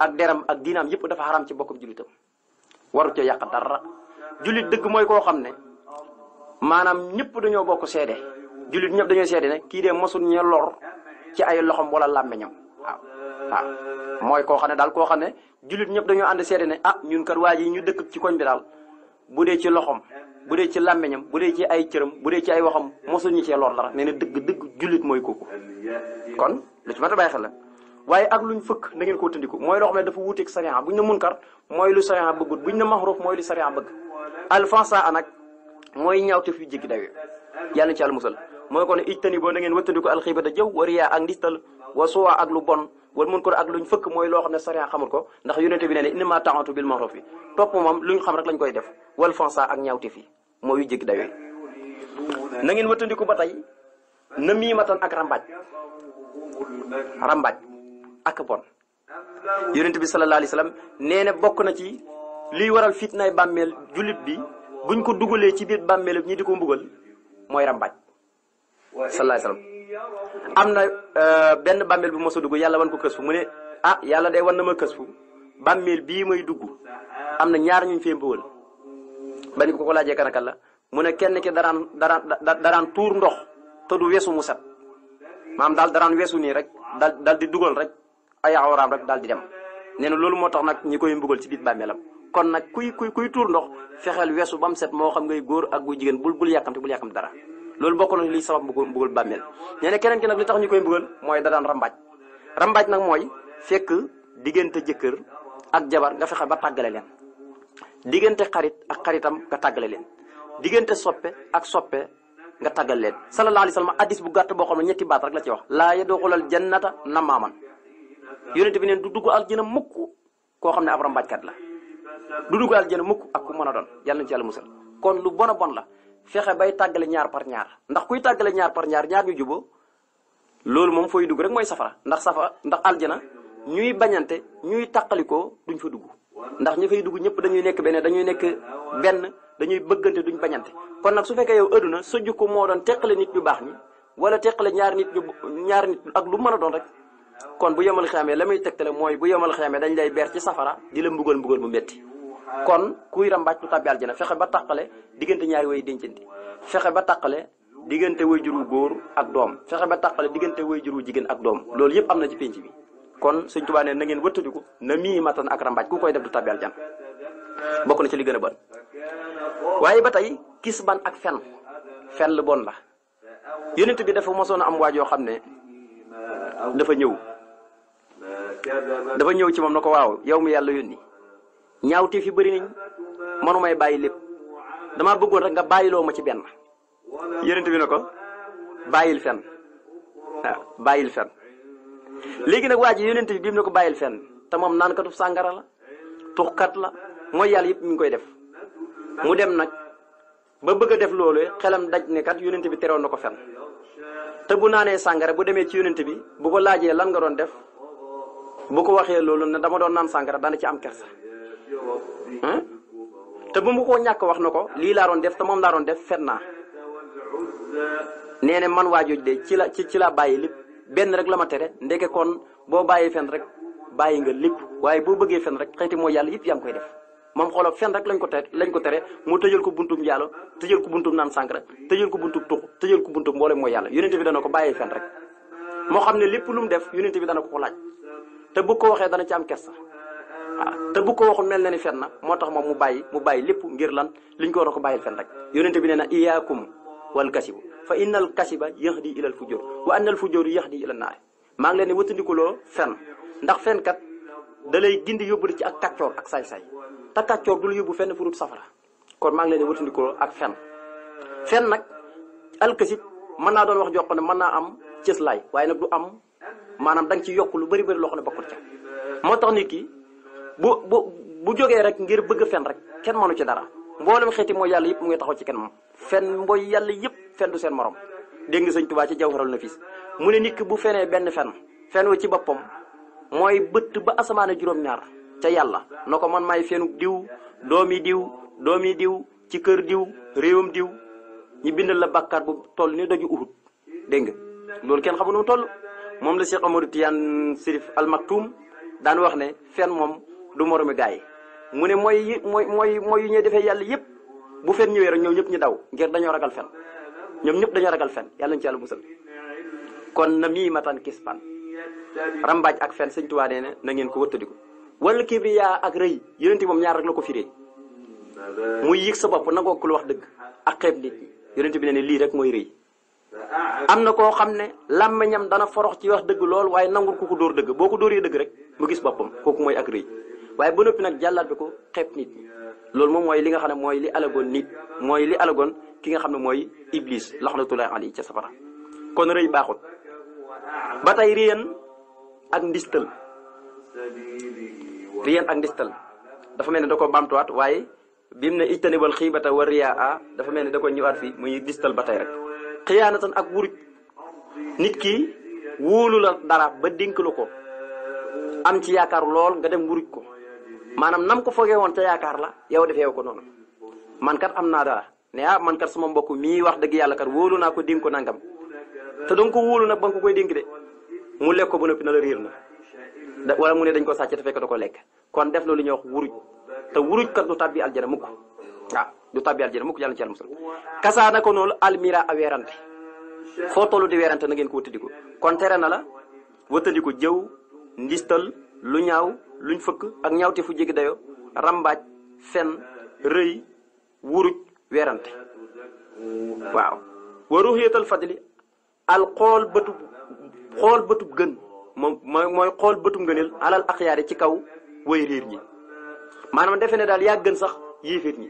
ak deram ak diinaam yëpp dafa xaraam ci mbokkum jullitam waru ca yàq dara jullit dëgg mooy koo xam ne maanaam ñëpp dañoo bokk seede jullit ñëpp dañoo seede ne kii dee mosul ñu loor ci ay loxoom wala làmmiñam waaw ah, mooy ko xam ne daal koo xam ne jullit ñëpp dañoo ànd seede ne ah ñun kat waa ji ñu dëkk ci koñ bi daal bu dee ci loxom bu dee ci làmmiñam bu dee ci ay cëram bu dee ci ay waxam mosuñu cee lool dara nee dëgg dëgg jullit mooy kooku kon lu ci mat a bàyyi xel la waaye ak luñ fëkk na ngeen koo tëndiku mooy loo xam ne dafa wuuteeg sariya buñ ne munkar mooy lu sariya bëggut buñ ne maxruuf mooy lu sariya bëgg alfansa anak mooy ñaawteef yu jéggi dawe yàlla na ci àll musal mooy kon ijtani boo na wal munkar ak luñ fëkk mooy loo xam ne sariya xamul ko ndax yonente bi nee ne innama taantu bil ma'ruf yi topp moom luñ xam rek lañ koy def wal fansa ak ñaawte fi mooy yu jéggi dayooyu na ngeen ba tey na miimatan ak rambaaj rambaaj ak bon yonente bi sallallahu alayhi wasallam nee bokk na ci liy waral fitnaay bàmmeel jullit bi buñ ko dugalee ci biir bàmmeel ñii di ko mbugal mooy rambaaj sallallahu alayhi am na euh, benn bàmmeel bu mos dugg yàlla wan ko kës fu mu ne ah yàlla day wan na ma kës fu bàmmeel bii mooy dugg am na ñaar ñu fee mbëwal ba ni ko ko laajee kan la mu ne kenn ki daraan daraan daraan tuur ndox te du weesu mu set maam daal daraan weesu nii rek daal daal di dugal rek ay awraam rek daal di dem nee na loolu moo tax nag ñi koy mbugal ci biir bàmmeelam kon nag kuy kuy kuy tuur ndox fexeel weesu ba mu set moo xam ngay góor ak guy jigéen bul bul yàkkamte bul yàkkamte dara loolu bokk na liy sabab mbugal mbugal bàmmeel ñee ne keneen ki nag li tax ñu koy mbugal mooy da daan rambaaj rambaaj nag mooy fekk diggante jëkkër ak jabar nga fexe ba tàggale leen diggante xarit ak xaritam nga tàggale leen diggante soppe ak soppe nga tàggal leen sallallahu alayhi wa sallam hadis bu gàtt boo xam ne ñetti baat rek la ci wax laa yadxulul jannata namaaman yonent bi neen du dugg aljana mukk koo xam ne ab rambaajkat la du dugg aljana mukk ak ku mën a doon yàlla nañ ci yàlla musal kon lu bon a bon la fexe bay tàggale ñaar par ñaar ndax kuy tàggale ñaar par ñaar ñaar ñu juboo loolu moom fooy dugg rek mooy safara ndax safa ndax aljana ñuy bañante ñuy tàqalikoo duñ fa dugg ndax ñi fay dugg ñëpp dañuy nekk benn dañuy nekk benn dañuy bëggante duñ bañante kon nag su fekkee yow adduna sa jukko moo doon teqale nit ñu baax ñi wala teqale ñaar nit ñu ñaar nit ak lu mën a doon rek kon bu yemal xamee la muy tegtale mooy bu yemal xamee dañ lay ber ci safara di la mbugal mbugal mu métti kon kuy ràmbaaj du tàbbi aljana fexe ba tàqale diggante ñaari way dencante fexe ba tàqale diggante way juru góor ak doom fexe ba tàqale diggante way juru jigéen ak doom loolu yëpp am na ci pénc bi kon Sëñ Tuubaa ne na ngeen wëttaliku na mii matan ak ràmbaaj ku koy def du tàbbi aljana bokk na ci li gën a bon waaye ba tey kis ban ak fen fen lu bon la yonent bi dafa mosoon am waaj yoo xam ne dafa ñëw dafa ñëw ci moom na ko waaw yow mi yàlla yónni ñaawte fi bëri nañ may bàyyi lépp dama bëggoon rek nga bàyyiloo ma ci benn yonent bi ne ko bàyyil fen waaw ah, bàyyil fen léegi nag waa ji yonent bi bi mu ko bàyyil fen te moom naan katub sàngara la kat la mooy yàlla yëpp mi koy def mu dem nag ba bëgg a def loolu xelam daj ne kat yonent bi teroon na ko fen te bu naanee sàngara bu demee ci yonent bi bu ko laajee lan nga doon def bu ko waxee loolu ne dama doon naan sàngara dana ci am kersa te bu ma ko ñàkk wax na ko lii laa doon def te moom laa def fen naa nee ne man waa jooju de ci la ci ci laa bàyyi lépp benn rek la ma tere ndeke kon boo bàyyi fen rek bàyyi nga lépp waaye boo bëggee fen rek xeeti moo yàlla yëpp yaa koy def moom xoolal fen rek lañ ko tere lañ ko tere mu tëjal ko buntum njaalo tëjal ko buntum naan sàngara tëjal ko buntum tux tëjal ko buntum mboole moo yàlla yonent bi dana ko bàyyi fen rek moo xam ne lépp lu mu def yonent bi dana ko ko laaj te bu ko waxee dana ci am kersa waaw te bu ko waxul mel na ni fen na moo tax moom mu bàyyi mu bàyyi lépp ngir lan liñ ko war a ko bàyyil fen rek yonente bi nee na iyaakum wal kasibu fa inna al kasiba yahdi ilal fujur wa anna al fujur yahdi ilal naar maa ngi leen di wëtandikuloo fen ndax fen da lay gindi yóbbu ci ak kàccoor ak saay-saay te kàccoor du la yóbbu fenn furut kon maa ngi leen di ak fen fen nag alkasib mën naa doon wax jox ne mën naa am cëslaay waaye nag du am maanaam da nga ci yokk lu bëri bëri loo xam ne bokkul ca moo tax nit ki bu bu bu jógee rek ngir bëgg fen rek kenn mënu ci dara mboolem xeeti mooy yàlla yëpp mu ngi taxaw ci kenn moom fen mooy yàlla yëpp fen du seen moroom dégg nga sëñ Tuubaa ci Jawharul Nafis mu ne nikk bu fenee benn fen fen wu ci boppam mooy bëtt ba asamaane juróom-ñaar ca yàlla na ko man may fenu diw doomi diw doomi diw ci kër diw réewam diw ñu bindal la bàkkaar bu toll ni doju uhud dégg nga kenn xamu nu mu toll moom la Cheikh Amadou Tidiane Chérif Al Maktoum daan wax ne fen moom du moromi gaa yi mu ne mooy mooy mooy mooy yu ñuy defee yàlla yëpp bu fen ñëwee rek ñoom ñépp ñu daw ngir dañoo ragal fen ñoom ñëpp dañoo ragal fen yàlla nañu ci yàlla musal kon na mii matan kispan rambaaj ak fen sëñ Tuubaa nee na na ngeen ko wëttadiku wala kibriya ak rëy yonent moom ñaar la ko firee muy yëg sa bopp nangoo ku wax dëgg ak xeeb nit ñi yonent bi ne ne lii rek mooy rëy am na koo xam ne làmmiñam dana forox ci wax dëgg lool waaye nangul ku ko dëgg boo ko dóoree dëgg rek mu gis boppam kooku mooy ak waaye ba noppi nag jàllaat ko xeeb nit ñi loolu moom mooy li nga xam ne mooy li alagoon nit mooy li alagoon ki nga xam ne mooy iblis laxnatullahi alayhi ca safara kon rëy baaxut ba tey riyan ak ndistal riyan ak ndistal dafa mel ne da ko bamtuwaat waaye bi mu ne ijtanibal xiibata wa riyaa dafa mel ne da ko ñëwaat fii muy ndistal ba tey rek xiyaanatan ak wuruj nit ki wóolu la dara ba dénk ko am ci yaakaar lool nga dem wuruj ko maanaam nam ko foogee woon ca yaakaar la yow defee ko noonu man kat am naa dara ne ah man kat sama mbokk mii wax dëgg yàlla kat wóolu naa ko dénk ko nangam te danga ko wóolu nag ba ko koy dénk de mu lekk ko ba noppi na la réer na wala mu ne dañ ko sàcc te fekk da ko lekk kon def na lu ñuy wax wuruj te wuruj kat du tàbbi aljana mukk waaw ah, du tàbbi aljana mukk yàlla ci yàlla musal kasaa na ko noonu almira a weerante foo tollu di weerante na ngeen ko wëttandiko kon tere na la wëttandiko jëw ndistal lu ñaaw luñ fëkk ak ñaawte fu jéggi dayo rambaaj fen rëy wuruj weerante waaw wa ruxiyatal fadli al xool bëtub xool bëtub gën moom mooy mooy xool bëtub ngëneel alal axyaari ci kaw way réer ñi maanaam defe ne daal yaa gën sax yéeféer ñi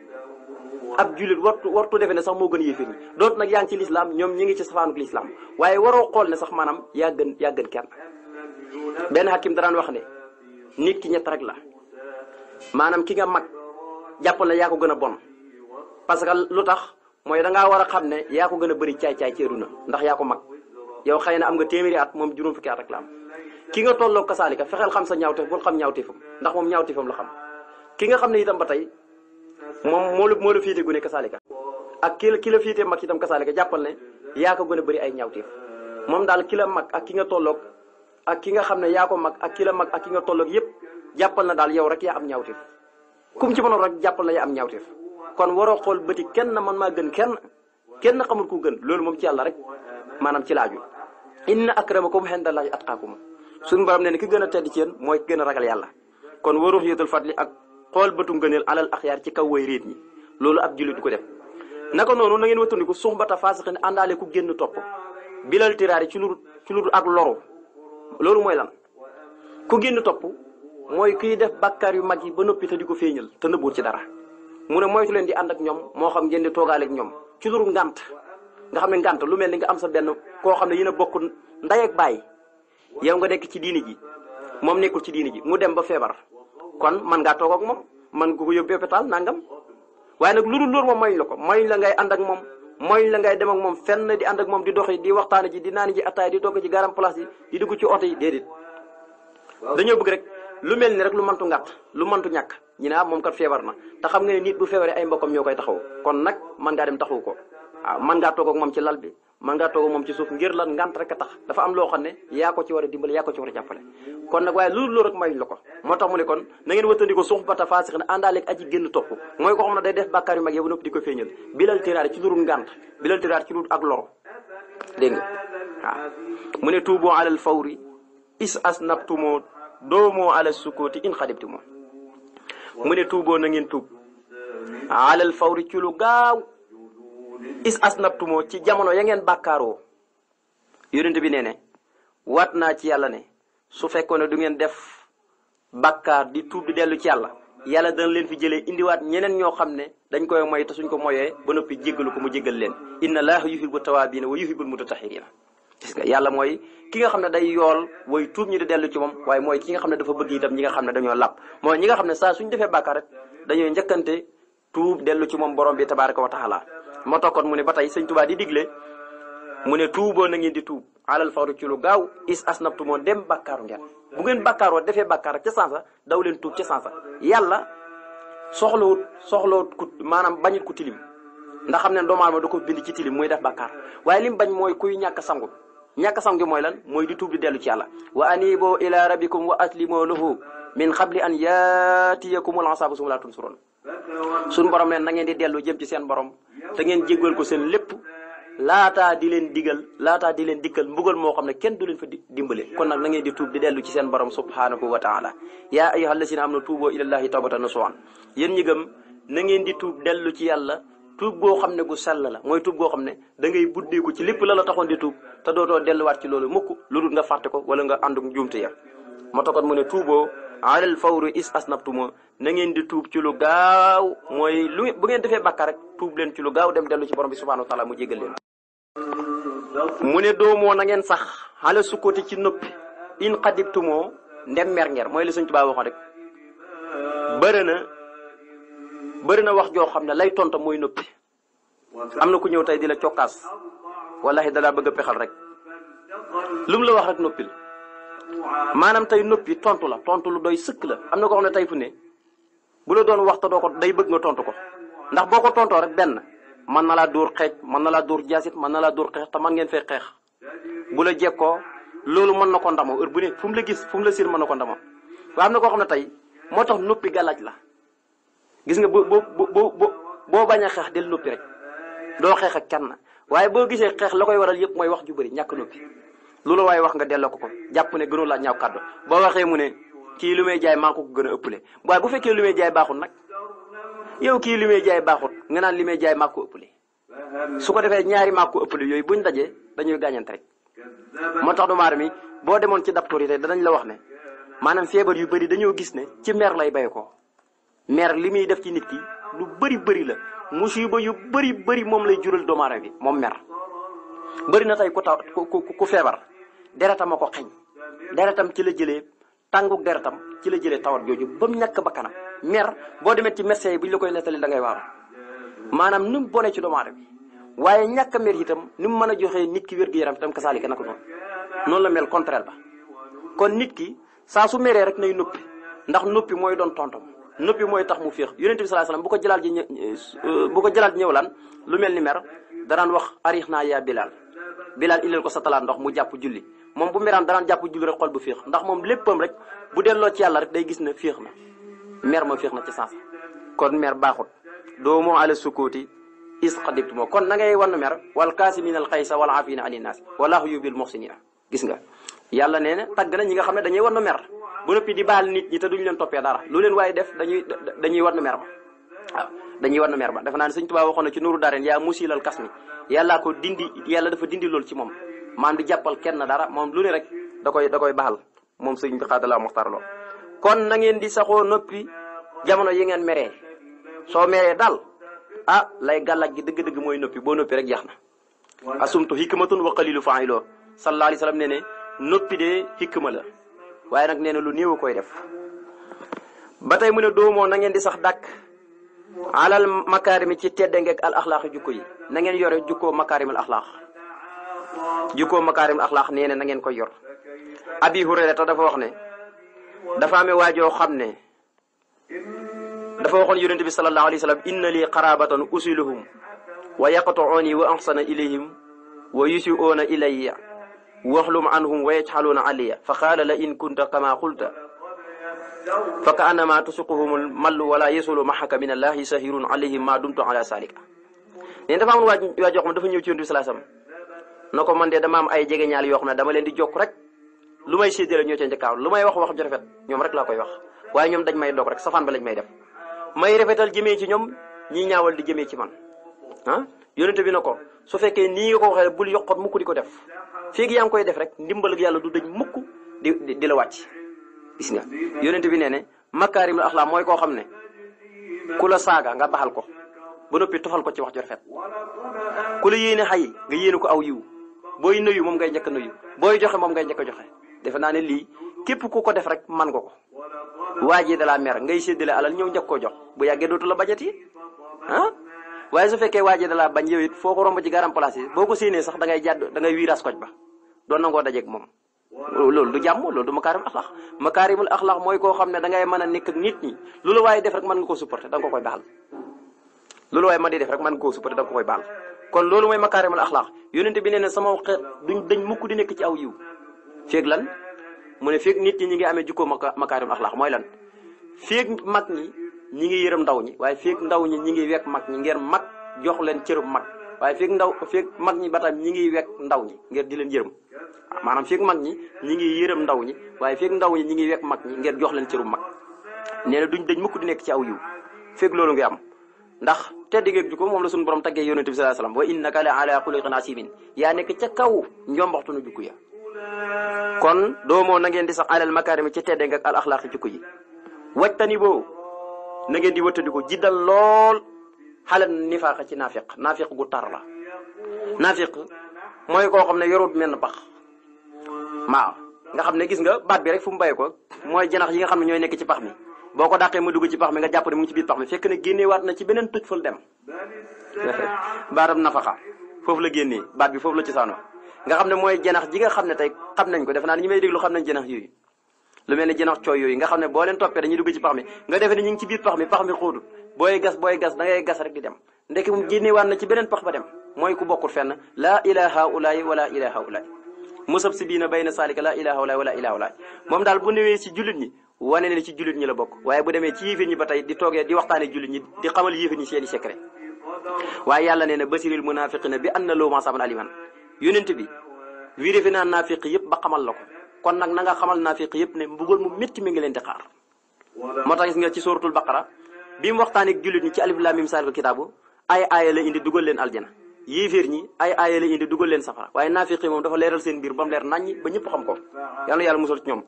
ab jullit wartu wartu defe ne sax moo gën yéeféer ñi doot nag yaa ngi ci lislaam ñoom ñi ngi ci safaanuk lislaam waaye waroo xool ne sax maanaam yaa gën yaa gën kenn benn hakim daraan wax ne nit ki ñett rek la maanaam ki nga mag jàpp na yaa ko gën a bon parce que lu tax mooy danga war a xam ne yaa ko gën a bëri caay-caay ci àdduna ndax yaa ko mag yow xëy na am nga téeméeri at moom juróom fukki at rek la am ki nga tolloo kasaalika fexeel xam sa ñaawteef bul xam ñaawteefam ndax moom ñaawteefam la xam ki nga xam ne itam ba tey moom moo lu moo la féete gune kasaalika ak ki la ki la féetee mag itam kasaalika jàppal ne yaa ko gën a bëri ay ñaawteef moom daal ki mag ak ki nga tolloog ak ki nga xam ne yaa ko mag ak kii la mag ak ki nga toll ak yëpp jàppal na daal yow rek yaa am ñaawteef kum ci mënoon rek jàppal na yaa am ñaawteef kon waroo xool bëti kenn na man maa gën kenn kenn xamul ku gën loolu moom ci yàlla rek maanaam ci laaju inna akramakum indallahi atqaakum suñu borom ne ki gën a tedd ci yéen mooy ki gën a ragal yàlla kon waroo yëtul li ak xool bëtu ngëneel alal axyaar ci kaw way réet loolu ab jullit du ko def naka noonu na ngeen wattandiku suxbata faasixin àndaale ku génn topp bilal tiraari ci lu ci lu ak loru loolu mooy lan ku génn topp mooy kuy def bàkkaar yu mag yi ba noppi te di ko feeñal te nëbbuwul ci dara mu ne moytu leen di ànd ñoom moo xam ngeen di toogaale ñoom ci duru ngant nga xam ne ngant lu mel ni nga am sa benn koo xam ne yéen a bokk ndey ak baay yow nga nekk ci diini ji moom nekkul ci diini ji mu dem ba feebar kon man ngaa toog ak moom man nga ko yóbbu hôpital nangam waaye nag lu dul loolu moom mayuñ la ngay ànd moom mooy la ngay dem ak moom fenn di ànd ak moom di doxi di waxtaane ji di naan ji attaay di togg ci garam place yi di dugg ci oto yi déedéet dañoo bugg rek lu mel ni rek lu mantu ngàtt lu mantu ñàkk ñu ne ah moom kat feebar na te xam nga ni nit bu feebaree ay mbokkam ñoo koy taxaw kon nag mën ngaa dem taxawu ko waaw ah, mën ngaa toog ak moom ci lal bi man ngaa toog moom ci suuf ngir lan ngant rek a tax dafa am loo xam ne yaa ko ci war a dimbale yaa ko ci war a jàppale kon nag waaye loolu loolu rek mayuñ la moo tax mu ne kon na ngeen wëttandiko suux bata faasix ne àndaaleeg aji génn topp mooy ko xam ne day def bàkkaar yu mag yow nopp di ko bilal tiraar ci durul ngant bilal tiraar ci durul ak loro dégg mu ne tuubu alal fawri is as naptumoo doomoo alal sukkooti in xadibti moom mu ne tuuboo na ngeen tuub alal fawri ci lu gaaw as is asnabtumoo ci jamono ya ngeen bàkkaaroo yonent bi nee ne waat naa ci yàlla ne su fekkoon ne du ngeen def bàkkaar di tuub di dellu ci yàlla yàlla dana leen fi jëlee indiwaat ñeneen ñoo xam ne dañ koy moy te suñ ko moyee ba noppi jéggalu ko mu jéggal leen inna laaha yuhibbu tawaabiina wa yuhibbul mutatahhiriina gis yàlla mooy ki nga xam ne day yool way tuub ñi di dellu ci moom waaye mooy ki nga xam ne dafa bëgg itam ñi nga xam ne dañoo làpp mooy ñi nga xam ne saa suñ defee bàkkaar rek dañooy njëkkante tuub dellu ci moom borom bi tabaaraka wa taala moo tax kon mu ne ba tey sëñ Tuubaa di digle mu ne tuuboo na ngeen di tuub alal fawru ci lu gaaw is asnabtu moo dem bàkkaaru ngeen bu ngeen bàkkaaroo defee bàkkaar rek ca sansa daw leen tuub ca sansa yàlla soxlawut soxlawut ku maanaam bañut ku tilim ndax xam ne doomu aadama da ko bind ci tilim muy def bàkkaar waaye lim bañ mooy kuy ñàkk sangu ñàkk sangu mooy lan mooy di tuub di dellu ci yàlla wa anibo ila rabbikum wa moo lahu min xabli an yaatiyakumul asaabu suma laa tunsuroon suñu borom leen na ngeen di dellu jëm ci seen borom te ngeen jéggal ko seen lépp laataa di leen digal laataa di leen dikkal mbugal moo xam ne kenn du leen fa dimbale kon nag na ngeen di tuub di dellu ci seen borom subhaanahu wa taala yaa ayyuha allasina na tuuboo ilallahi tawbatan nasuhan yéen ñi gëm na ngeen di tuub dellu ci yàlla tuub goo xam ne gu sell la mooy tuub goo xam ne da ngay buddeeku ci lépp la la taxoon di tuub te dootoo waat ci loolu mukk lu dul nga fàtte ko wala nga àndum juumte ya moo taxoon mu ne tuuboo alal fawru is asnabtuma na ngeen di tuub ci lu gaaw mooy lu bu ngeen defee bàkkaar rek tuub leen ci lu gaaw dem dellu ci borom bi subhanahu wa mu jégal leen mu ne doomoo nangeen ngeen sax xale sukkati ci noppi in xadibtumoo ndem mer ngeer mooy li Sëñ Tuubaa waxoon na bëri na wax joo xam ne lay tonta mooy noppi am na ku ñëw tey di la cokkaas wallahi dalaa bëgg a pexal rek lu mu la wax rek noppil maanaam tey noppi tontu la tontu lu doy sëkk la am na ko xam ne tey fu ne bu la doon wax te doo ko day bëgg nga tontu ko ndax boo ko tontoo rek benn mën na laa dóor xeej mën na laa dóor jaasit mën na laa dóor xeex te ngeen fay xeex bu la jekkoo loolu mën na ko ndamoo heure bu ne fu la gis fu la siir mën na ko ndamoo waaye am na koo xam ne tey moo tax noppi galaaj la gis nga boo boo boo boo bañ a xeex del rek doo xeex ak kenn waaye boo gisee xeex la koy waral yëpp mooy wax ju bëri ñàkk noppi loolu waaye wax nga delloo ko ko jàpp ne gënu laa ñaaw kàddu boo waxee mu ne kii lu may jaay maa ko gën a ëppale waaye bu fekkee lu may jaay baaxut nag yow kii li may jaay baaxut nga naan li may jaay maa ko ëppale su ko defee ñaari maa ko ëppale yooyu buñ dajee dañuy gaañante rek moo tax du maar mi boo demoon ci docteur yi tey danañ la wax ne maanaam feebar yu bëri dañoo gis ne ci mer lay bay ko mer li muy def ci nit ki lu bëri bëri la musiba yu bëri bëri moom lay jural doomu bi moom mer bëri na tey ku taw feebar deretam a ko xeñ deretam tàngug deretam ci la jëlee tawat jooju ba mu ñàkk ba kanam mer boo demee ci médecin yi bu ñu la koy nettali da ngay maanaam ni mu bonee ci doomu bi waaye ñàkk meer mer itam ni mu mën a joxee nit ki wér-gu-yaram itam kasaalika naka noonu noonu la mel contraire ba kon nit ki saa su meree rek nay noppi ndax noppi mooy doon tontom noppi mooy tax mu féex yonent bi sallallahu alayhi wasallam bu ko jëlaal ji euh, bu ko jëlaat ji ñëw lan lu mel ni mer danaan wax arix naa yaa bilaal Bilaal indil ko sa ndox mu jàpp julli moom bu meraan danaan jàpp julli rek xol bu féex ndax moom léppam rek bu delloo ci yàlla rek day gis na féex na mer ma féex na ci sens kon mer baaxut doo moo ala sukuuti isqadibtu moo kon na ngay wan mer wal kaasimin al xaysa wal aafina ani naas walaahu yubil muxsinina gis nga yàlla nee na tàgg na ñi nga xam ne dañuy wan mer bu noppi di baal nit ñi te duñu leen toppee dara lu leen waaye def dañuy dañuy wan mer ma dañuy war na mer ba dafa naa ne sëñ Tuubaa waxoon na ci nuuru dareen yaa musilal kas mi yàllaa ko dindi yàlla dafa dindi loolu ci moom maam di jàppal kenn dara moom lu ne rek da koy da koy baxal moom sëñ bi xaadalaa muxtarloo kon nangeen ngeen di saxoo noppi jamono yi ngeen meree soo meree daal a ah, lay gàllaj gi dëgg-dëgg mooy noppi boo noppi rek jeex na asumtu hikmatun wa qalilu faa'iloo sallallahu alayhi wa sallam nee ne noppi de hikma la waaye nag nee na lu néew a koy def ba di sax dàkk alal makaarimi ci teddangeeg al axlaax jukko yi na ngeen yore jukkoo makaarimul axlaax jukkoo makaarimul axlaax nee na koy yor abi hurayra ta dafa wax ne dafa amee waajoo xam ne dafa waxoon yonente bi sallallahu alayhi wa sallam inna li qarabatan usiluhum wa yaqtuuni wa ahsana ilayhim wa yusiuuna ilayya waxlum anhum wa yajxaluuna aliya fa qaala la in kunta kama qulta fa ka annama tusuquhumul mallu wala ma maxaka min allahi sahirun alayhim ma dumtu ala salika neen dafa am waaj waaj yoo xam ne dafa ñëw ci yonent bi salaa sam ko man de dama am ay jegeñaal yoo xam ne dama leen di jokk rek lu may séddale ñoo ca njëkkaaw lu may wax wax ju rafet ñoom rek laa koy wax waaye ñoom dañ may dog rek safaan ba lañ may def may rafetal jëmee ci ñoom ñii ñaawal di jëmee ci man ah yonent bi na ko su fekkee nii nga ko waxee bul yokkoot mukk di ko def fii gi yaa ngi koy def rek ndimbal yàlla du dëñ mukk di di la wàcc gis nga yonent bi nee ne makaarimul axlaa mooy koo xam ne ku la saaga nga baxal ko ba noppi tofal ko ci wax ju rafet ku la yéene xay nga yéene ko aw yiw booy nuyu moom ngay jëkk a nuyu booy joxe moom ngay njëkk a joxe defe naa ne lii képp ku ko def rek man nga ko waa ji dalaa mer ngay séddale alal ñëw njëkk koo jox bu yàggee dootu la bajati ah waaye su fekkee waa ji dalaa bañ yow it foo ko romb ci garam place yi boo ko séenee sax da ngay jàdd da ngay ba doon loolu du jàmm loolu du makaarimul axlaax makaarimul axlaax mooy koo xam ne dangay man a nekk ak nit ñi lu la waaye def rek mën nga koo supporter da nga ko koy baal loolu waaye ma di def rek man nga koo supporter da nga ko koy baal kon loolu mooy makaarimul axlaax yonente bi nee na sama xeet duñ dañ mukk di nekk ci aw yiw feeg lan mu ne feeg nit ñi ñi ngi amee jikkoo makaarimul axlaax mooy lan feeg mag ñi ñi ngi yërëm ndaw ñi waaye feeg ndaw ñi ñi ngi wekk mag ñi ngeen mag jox leen cërub mag waaye feeg ndaw feeg mag ñi ba tam ñi ngi wekk ndaw ñi ngir di leen yërëm maanaam feeg mag ñi ñi ngi yërëm ndaw ñi waaye feeg ndaw ñi ñi ngi wekk mag ñi ngir jox leen cëru mag nee na duñ dañ mukk di nekk ci aw yiw feeg loolu ngay am ndax tedd geeg ju ko moom la suñu borom taggee yonent bi sallallahu alayhi wa sallam wa innaka la ala xuliqin asimin yaa nekk ca kaw njombaxtu kon doomoo na di sax alal makaarimi ci tedde nga ak al axlaaqi jukku yi wajtani boo na ngeen di wëttandiko jiddal lool xalal nifaaqa ci naafiq naafiq gu tar la naafiq mooy koo xam ne yorut menn pax waaw nga xam ne gis nga baat bi rek fu mu baye ko mooy janax yi nga xam ne ñooy nekk ci pax mi boo ko dàqee mu dugg ci pax mi nga jàpp ne mu ci biir pax mi fekk ne génneewaat na ci beneen tuj ful dem baatam nafaxa foofu la génnee baat bi foofu la ci saano nga xam ne mooy janax ji nga xam ne tey xam nañ ko def naa ne ñi may déglu xam nañ janax yooyu lu mel ne jinax cooy yooyu nga xam ne boo leen toppee dañuy dugg ci pax mi nga defee ne ñu ngi ci biir pax mi pax mi xóotul booy gas booy gas da ngay gas rek di dem ndekki moom génnewaat na ci beneen bay na saalika laa ilaha ulaay wala ilaha ulaay moom daal bu newee si jullit ñi wane ne ci jullit ñi la waaye bu demee ci yéeféer ñi ba tey di toogee di waxtaane jullit ñi di xamal yéeféer ñi seeni secret waaye yàlla nee na basiril munafiqina bi an na loo masaban aliman yonent bi vérifié naa naafiq yëpp ba xamal la ko kon nag na nga xamal naafiq yëpp ne mbugal mu métti mi ngi leen di xaar moo tax nga ci suratul baqara bi mu waxtaanee ak jullit ñi ci alif laam miim saalikal kitaabu ay aaya la indi dugal leen aljana yéeféer ñi ay aaya la indi dugal leen safara waaye naafiq yi moom dafa leeral seen mbir ba mu leer naññi ba ñëpp ko yàlla yàlla musal ci ñoom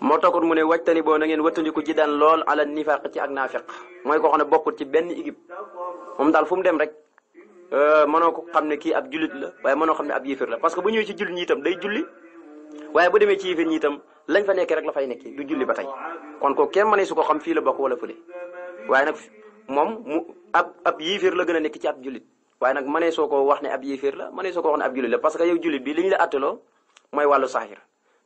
moo taxoon mu ne wajtani boo na ngeen wattandiku ji daan lool ala nifaaq ci ak naafiq mooy koo xam benn équipe moom daal fu mu dem rek euh, mënoo ko xam ne kii ab jullit la waaye mënoo xam ne ab yéeféer la parce que bu ñëwee ci jullit ñi day julli waaye bu demee ci yéeféer ñi itam lañ fa nekkee rek la fay nekkee du julli ba tey kon ko kenn mënee su ko xam fii la bokk wala fële waaye nag moom mu ab ab la gën a nekk ci ab jullit waaye nag mënee soo ko wax ne ab yéeféer la mënee soo ko wax ne ab jullit la parce que yow jullit bi li ñu la attaloo mooy wàllu saahir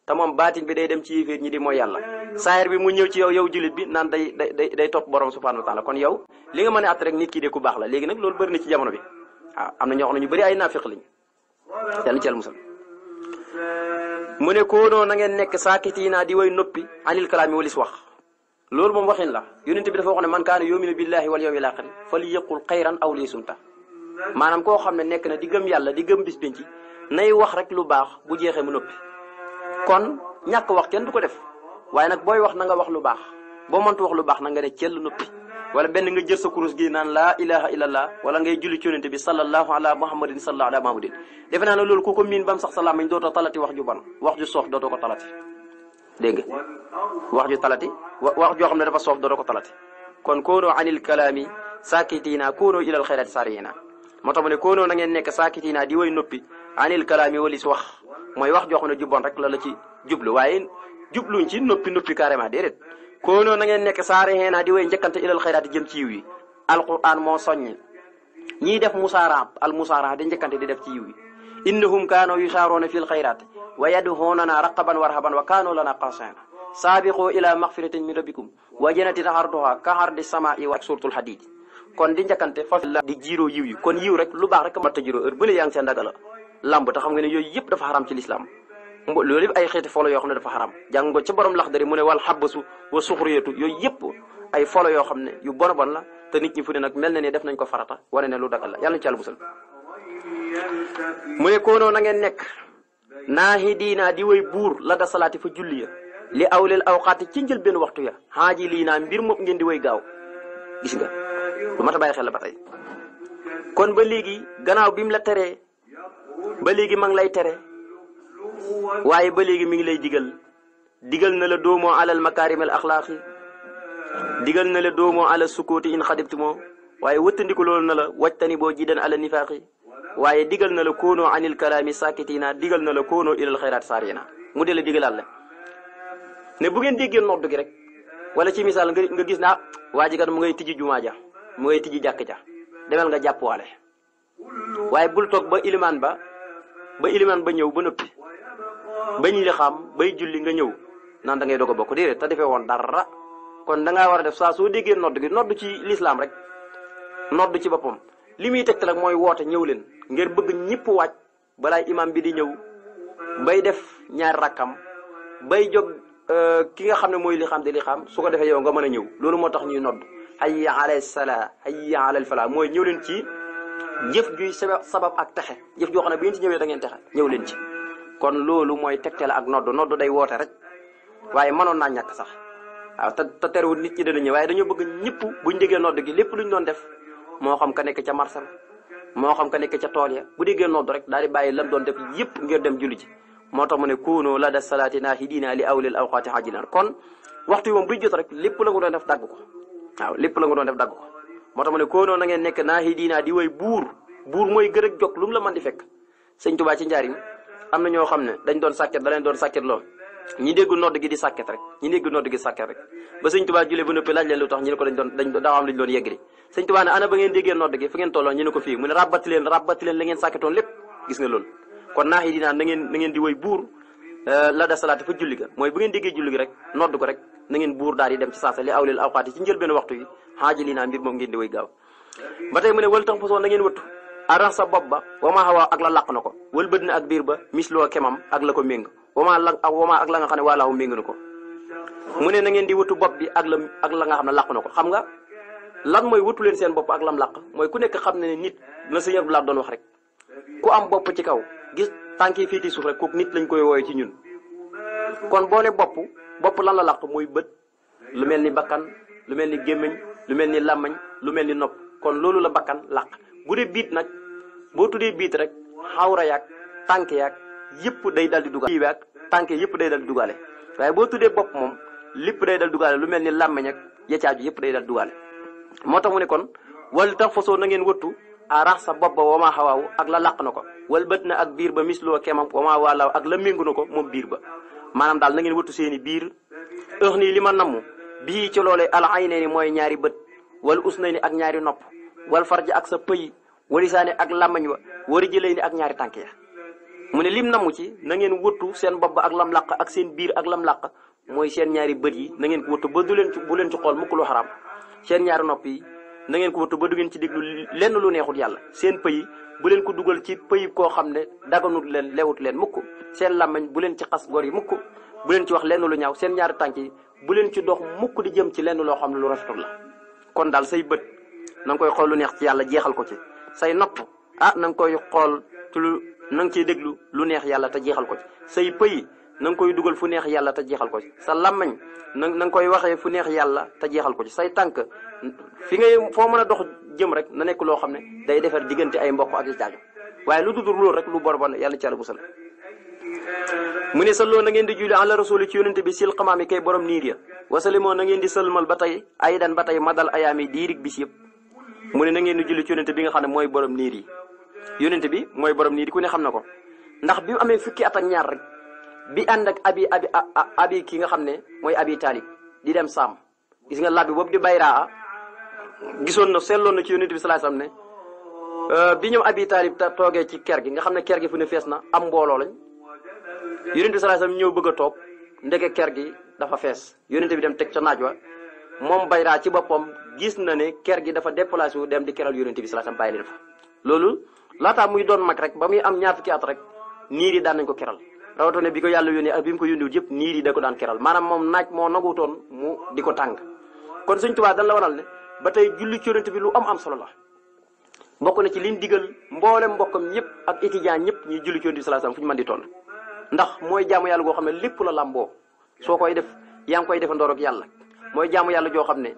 te moom baatin bi day dem ci yéeféer ñi di mooy yàlla saahir bi mu ñëw ci yow yow jullit bi naan day day day topp borom subhanahu wa taala kon yow li nga mën a att rek nit ki de ku baax la léegi nag loolu bëri na ci jamono bi waaw am na ñoo xam ne ñu bëri ay naafiq lañ yàlla mu ne koonoo na ngeen nekk yi naa di way noppi anil kalaami walis wax loolu moom waxin la yonent bi dafa wax ne man kaana yuminu billahi wal yawmil aaxir falyaqul xayran aw li liyasmut maanaam koo xam ne nekk na di gëm yàlla di gëm bis penc nay wax rek lu baax bu jeexee mu noppi kon ñàkk wax kenn du ko def waaye nag booy wax na nga wax lu baax boo mëntu wax lu baax na nga ne cell noppi wala benn nga jël sa kurus gi naan laa ilaha illallah wala ngay julli ci yonente bi sallallahu ala muhammadin sallallahu ala muhammadin defe naa ne loolu ku ko miin ba mu sax salaam mañ dootoo talati wax ju wax ju soof dootoo ko wax ju xam ne dafa soof dootoo ko talati kon koonoo anil kalaami saakitiina koonoo ilal xayraati saariina moo tax mu ne koonoo na ngeen nekk saakitiina di way noppi anil kalaami walis wax mooy wax joo xam ne ju bon rek la la ci jublu waaye jubluñ ci noppi noppi carrément déedéet koonoo na ngeen nekk saare xee naa di way njëkkante ilal xayraati jëm ci yiw yi alquran moo soññ ñiy def musaaraab al musaaraab di njëkkante di def ci yiw yi innahum kaanoo yusaaroona fil xayraat wa yadxoonana raqaban wa rahaban wa kaanoo lana qaasina saabiqoo ila maxfiratin min rabbikum wa janatin arduha ka ardi samaa'i wa suuratul hadiid kon di njëkkante fa la di jiiroo yiw yi kon yiw rek lu baax rek mat a jiiroo heure bu ne yaa lamb te xam nga ne yooyu yëpp dafa xaram ci mbo loolu yëpp ay xeeti folo yoo xam ne dafa xaram jàng ko ci borom laxdari mu ne wal xabasu wa suxriyatu yooyu yëpp ay folo yoo xam ne yu bon bon la te nit ñi fu ne nag mel na ni def nañ ko farata wane ne lu dagal la yàlla na ci yàlla musal mu na ngeen nekk naahi diinaa di way buur la salaati fa julli ya li awlel awqaati ci njël benn waxtu ya xaaji li naa mbir moom ngeen di way gaaw gis nga lu mat a bàyyi xel la ba tey kon ba léegi gannaaw bi la teree ba léegi ma lay tere waaye ba léegi mi ngi lay digal digal na la doomoo alal makaarimal axlaaqi digal na la doomoo alal sukuuti in xadibti moo waaye wëttandiku loolu na la wajtani boo jidan alal nifaaqi waaye digal na la koonoo anil kalaami saakitina digal na la koonoo ilal xayraat saarina mu dee la digalaat ne bu ngeen déggee noddu gi rek wala ci misaal nga gis na ah waa ji kat mu ngay tijji jumaa ja mu ngay tijji jàkk ja demal nga jàppwaale waaye bul toog ba ilimaan ba ñëw ba noppi bañ li xam bay julli nga ñëw nan da ngay doog ko bokk déedéet te defee woon dara kon da war a def saa soo déggee nodd gi nodd ci lislaam rek nodd ci boppam li muy tegtal rek mooy woote ñëw leen ngir bëgg ñëpp wàcc balaa imam bi di ñëw bay def ñaari rakkam bay jóg euh, ki nga xam ne mooy li xam di li xam su ko defee yow nga mën a ñëw loolu moo tax ñuy nodd hayya ala salaa hayya ala falaa mooy ñëw leen ci jëf juy sabab ak texe jëf joo xam ne bu ngeen ci ñëwee da ngeen texe ñëw kon loolu mooy tegtale ak noddu noddu day woote rek waaye mënoon naa ñàkk sax waaw ta te terewul nit ñi dana ñëw waaye dañoo bëgg ñëpp buñ déggee noddu gi lépp luñ doon def moo xam ka nekk ca marché moo xam ka nekk ca tool ya bu déggee noddu rek daal di bàyyi lam doon def yëpp ngir dem julli ji moo tax mu ne kuunu la da salaati naahidiina li awlil awqaati xajilan kon waxtu yi moom buy rek lépp la nga doon def dagg ko waaw lépp la nga doon def dagg ko moo tax mu ne koo na ngeen nekk naahidiina di way buur buur mooy gërëg jog lu mu la mën di fekk sëñ Tubaa ci njaarim am na ñoo xam ne dañ doon sàkket da ñi dégg nodd gi di sàkket rek ba sëñ tubaa julee ba noppi laaj leen lu tax ñu ne dañ doon dañ daaw am ñu doon yeggli sëñ tubaa ne ana ba ngeen déggee nodd gi fu ngeen tolloon ñu ne fii mu ne ràbbati leen ràbbati leen la ngeen sàkketoon lépp gis nga loolu kon naax yi na ngeen di woy buur euh, la da salaati fa julli ga mooy bu ngeen déggee julli gi rek nodd ko rek na ngeen buur daal di dem ci saasa li awleel awqaat arax sa bopp ba wamaa xawaa ak la làq na ko wëlbët na ak biir ba misloo kemam ak la ko méng wamaa la ak wamaa ak la nga xam ne waa laahu méng na ko mu ne na ngeen di wutu bopp bi ak la ak la xam ne làq na ko xam nga lan mooy wutu leen seen bopp ak lam làq mooy ku nekk xam ne ne nit la bu Abdoulaye doon wax rek ku am bopp ci kaw gis tànki fii ci suuf rek kook nit lañ koy wooye ci ñun kon boole bopp bopp lan la làq mooy bët lu mel ni bakkan lu mel ni gémmiñ lu mel ni làmmiñ lu mel ni nopp kon loolu bakkan làq boo tuddee biit rek xawra yaag tànk yaag yépp day dal di dugaale. yaag tànk yëpp day dal dugale waaye boo tuddee bopp moom lépp day dal dugale lu mel ni làmmiñ ak yeccaaju yëpp day dal dugaale. moo tax mu ne kon wal tax fasoo na ngeen wëttu arax sa bopp ba wamaa xawaawu ak la làq na ko wal bët na ak biir ba misloo kemam wamaa waalaaw ak la méngu na ko moom biir ba maanaam daal na ngeen wëttu seeni biir ëx nii li ma namm bii ci loolee al aynayni mooy ñaari bët wal usnayni ak ñaari nopp wal farji ak sa pëy warisaane ak làmmañ wa war a jëlee ni ak ñaari tànk ya mu ne lim namu ci na ngeen wëttu seen bopp ak lam làq ak seen biir ak lam làq mooy seen ñaari bët yi na ngeen ko wëttu ba du leen ci bu leen ci xool mukk lu xaraam seen ñaari nopp yi na ngeen ko wëttu ba du ngeen ci déglu lenn lu neexul yàlla seen pëy yi bu leen ko dugal ci pëy koo xam ne daganut leen lewut leen mukk seen làmmañ bu leen ci xas gor yi mukk bu leen ci wax lenn lu ñaaw seen ñaari tànk yi bu leen ci dox mukk di jëm ci lenn loo xam ne lu rafetul la kon daal say bët koy xool lu neex ci yàlla jeexal ko ci say nattu a ah, nanga koy xool ci lu na nga ciy déglu lu neex yàlla te jeexal ko ci say pëy na nga koy dugal fu neex yàlla te jeexal ko sa làmmañ na na koy waxee fu neex yàlla te jeexal ko ci say tànk fi ngay foo mën a dox jëm rek na nekk loo xam ne day defar diggante ay mbokk ak i jaajo waaye lu dudur loolu rek lu bor bon yàlla ci bu musal mu ne salloo na ngeen di julli la rasuli ci yonente bi sil xamaam yi kay borom niir ya wasalimoo na ngeen di sëlmal ba tey ay daan ba tey madal ayaami diirig bis yëpp mu ne na ngeen di julli ci yonente bi nga xam ne mooy borom niir yi yonente bi mooy borom niir ku ne xam na ko ndax bi mu amee fukki at ak ñaar rek bi ànd ak abi abi abi ki nga xam ne mooy abi taalib di dem saam gis nga labbi boobu di bayraa gisoon na seetloon na ci yonente bi salaay sam ne euh, bi ñoom abi taalib toogee ci ker gi nga xam ne ker gi fu ne fees na am mbooloo lañ yonente bi salaay sam ñëw bëgg a toog ndeke ker gi dafa fees yonente bi dem teg ca naaj wa gis na ne ker gi dafa déplacé wu dem di keral yonent bi salaasam bàyyi leen fa loolu laataa muy doon mag rek ba muy am ñaar fukki at rek niir yi daan nañ ko keral rawatina bi ko yàlla yónnee ak bi mu ko yónniwut yëpp niir yi da ko daan keral maanaam moom naaj moo nanguwutoon mu di ko tàng kon Sëñ Tuubaa dañ la waral ne ba tey julli ci yonent bi lu am am solo la bokk na ci liñ digal mboolem mbokkam ñëpp ak étudiant ñëpp ñuy julli ci yonent bi salaasam fu ñu mën di toll ndax mooy jaamu yàlla goo xam ne lépp la làmboo soo koy def yaa ngi koy defandoo ak yàlla mooy jaamu yàlla joo xam ne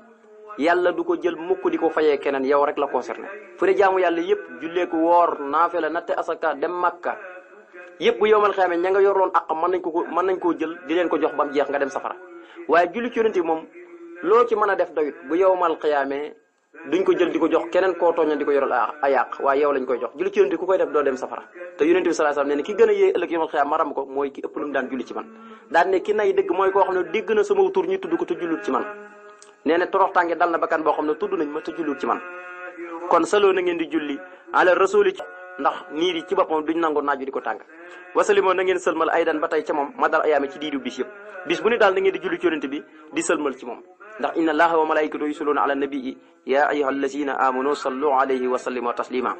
yàlla du ko jël mukk di ko fayee keneen yow rek la concerné fëre jaamu yàlla yëpp julleeku woor naa la natte asaka dem màkka yëpp bu yowmal xeame ña nga yorloon ak mën nañ ko ko mën nañ koo jël di leen ko jox bam jeex nga dem safara waaye julli ci yonent moom loo ci man a def doyut bu yowmal xiyaamee duñ ko jël di ko jox keneen koo tooñal di ko yoral a yàq waaye yow lañ koy jox julli ci yonent bi ku koy def doo dem safara te yonent bi sallallahu alayhi ki a yee ko mooy ki ëpp lu mu daan julli dégg na sama tur ñu tudd ko te ci man nee na toroxtaange dal na bakkan boo xam ne tudd nañ ma te julliwul ci man kon saloo na di julli ala rasuli ndax niir ci boppam du nangu naaju di ko na ngeen sëlmal aydan ba tey ca moom ma dal ayaame ci diidu bis yëpp bis bu ne daal na ngeen di julli ci yonente bi di sëlmal ci moom ndax inna allaha wa malaikatu yusalluna ala nabii ya ayuha allazina amanu sallu alayhi wa sallimu taslima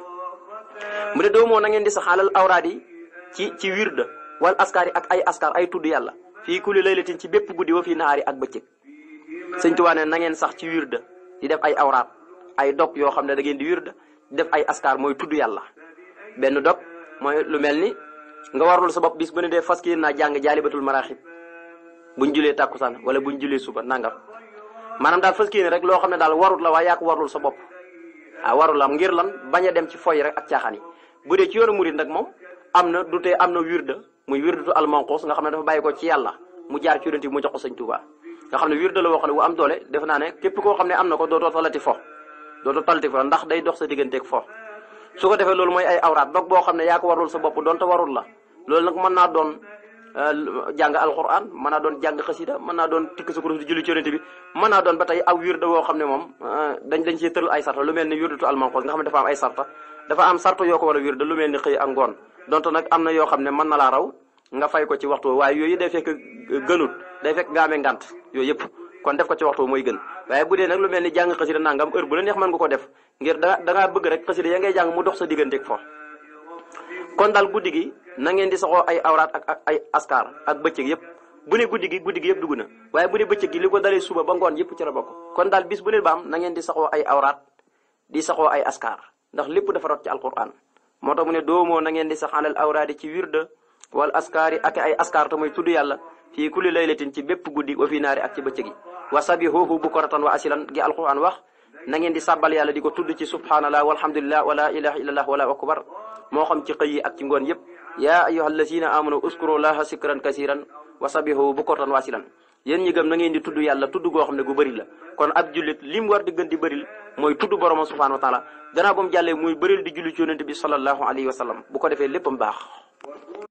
mu ne doomoo na ngeen di saxaalal awraad yi ci ci wirda wal askaar yi ak ay ay tudd yàlla fii kulli laylatin bépp guddi wa fii nahaari ak bëccëg sëñ Tuubaa ne na ngeen sax ci wirda di def ay awraat ay dog yoo xam ne da ngeen di wirda da def ay askar mooy tudd yàlla benn dog mooy lu mel ni nga warul sa bopp bis bu ne dee fas yéene naa jàng jaalibatul maraaxib buñ julee tàkkusaan wala buñ julee suba nanga maanaam daal fas yéene rek loo xam ne daal warut la waaye yaa ko sa bopp ah warul am ngir lan bañ a dem ci fooy rek ak caaxaan yi bu dee ci yoonu murid nag moom am na du tee am na wirda muy wirdatu almanqus nga xam ne dafa bàyyi ko ci yàlla mu jaar ci yonent bi mu nga xam ne wirde la woo xam ne bu am doole def naa ne képp koo xam ne am na ko dootoo talati fo dootoo talati fo ndax day dox sa digganteeg fo su ko defee loolu mooy ay awraat dog boo xam ne yaa ko warul sa bopp doonte warul la loolu nag mën naa doon euh, jàng alquran mën naa doon jàng xasida mën naa doon tikk sukkur di julli ci yonente bi mën naa doon ba tey aw wirde woo xam ne moom euh, da dañ cee tëral ay sarta lu mel ni wirdatu almanqoos nga xam ne dafa am ay sarta dafa am sarta yoo ko war a lu mel ni xëy ak ngoon donte nag am na yoo xam ne mën na laa raw nga fay ko ci waxtu waaye yooyu day fekk euh, gënut day fekk nga ngant yooyu yëpp kon def ko ci waxtu mooy gën waaye bu dee nag lu mel ni jàng xasida nangam heure bu la neex mën nga ko def ngir da dangaa bëgg rek xasida ya ngay jàng mu dox sa digganteeg fo kon daal guddi gi na ngeen di saxoo ay awraat ak ak ay askar ak bëccëg yëpp bu ne guddi gi guddi gi yëpp dugg na waaye bu ne bëccëg gi li ko dalee suba ba ngoon yëpp ci la bokk kon daal bis bu ne baam na ngeen di saxoo di saxoo ay askar ndax lépp dafa rot ci wal askaari ak ay askaar te muy tudd yàlla fii kulli laylatin ci bépp guddi wa fii naari ak ci bëccëg yi wa sabihuhu bukratan wa asilan gi alquran wax na ngeen di sàbbal yàlla di ko tudd ci subhanallah walhamdulillah wala ilaha illallah wala akbar moo xam ci xëy yi ak ci ngoon yëpp yaa ayyuha allazina amanu uskuru laha sikran kasiran wa ko bukratan wa asilan yéen ñi gëm na ngeen di tudd yàlla tudd goo xam ne gu bëri la kon ab jullit li mu war di gën di bëril mooy tudd boromam subhanahu wa taala gannaaw ba mu jàllee muy bëril di julli ci yonente bi sallallahu alayhi wa sallam bu ko defee léppam baax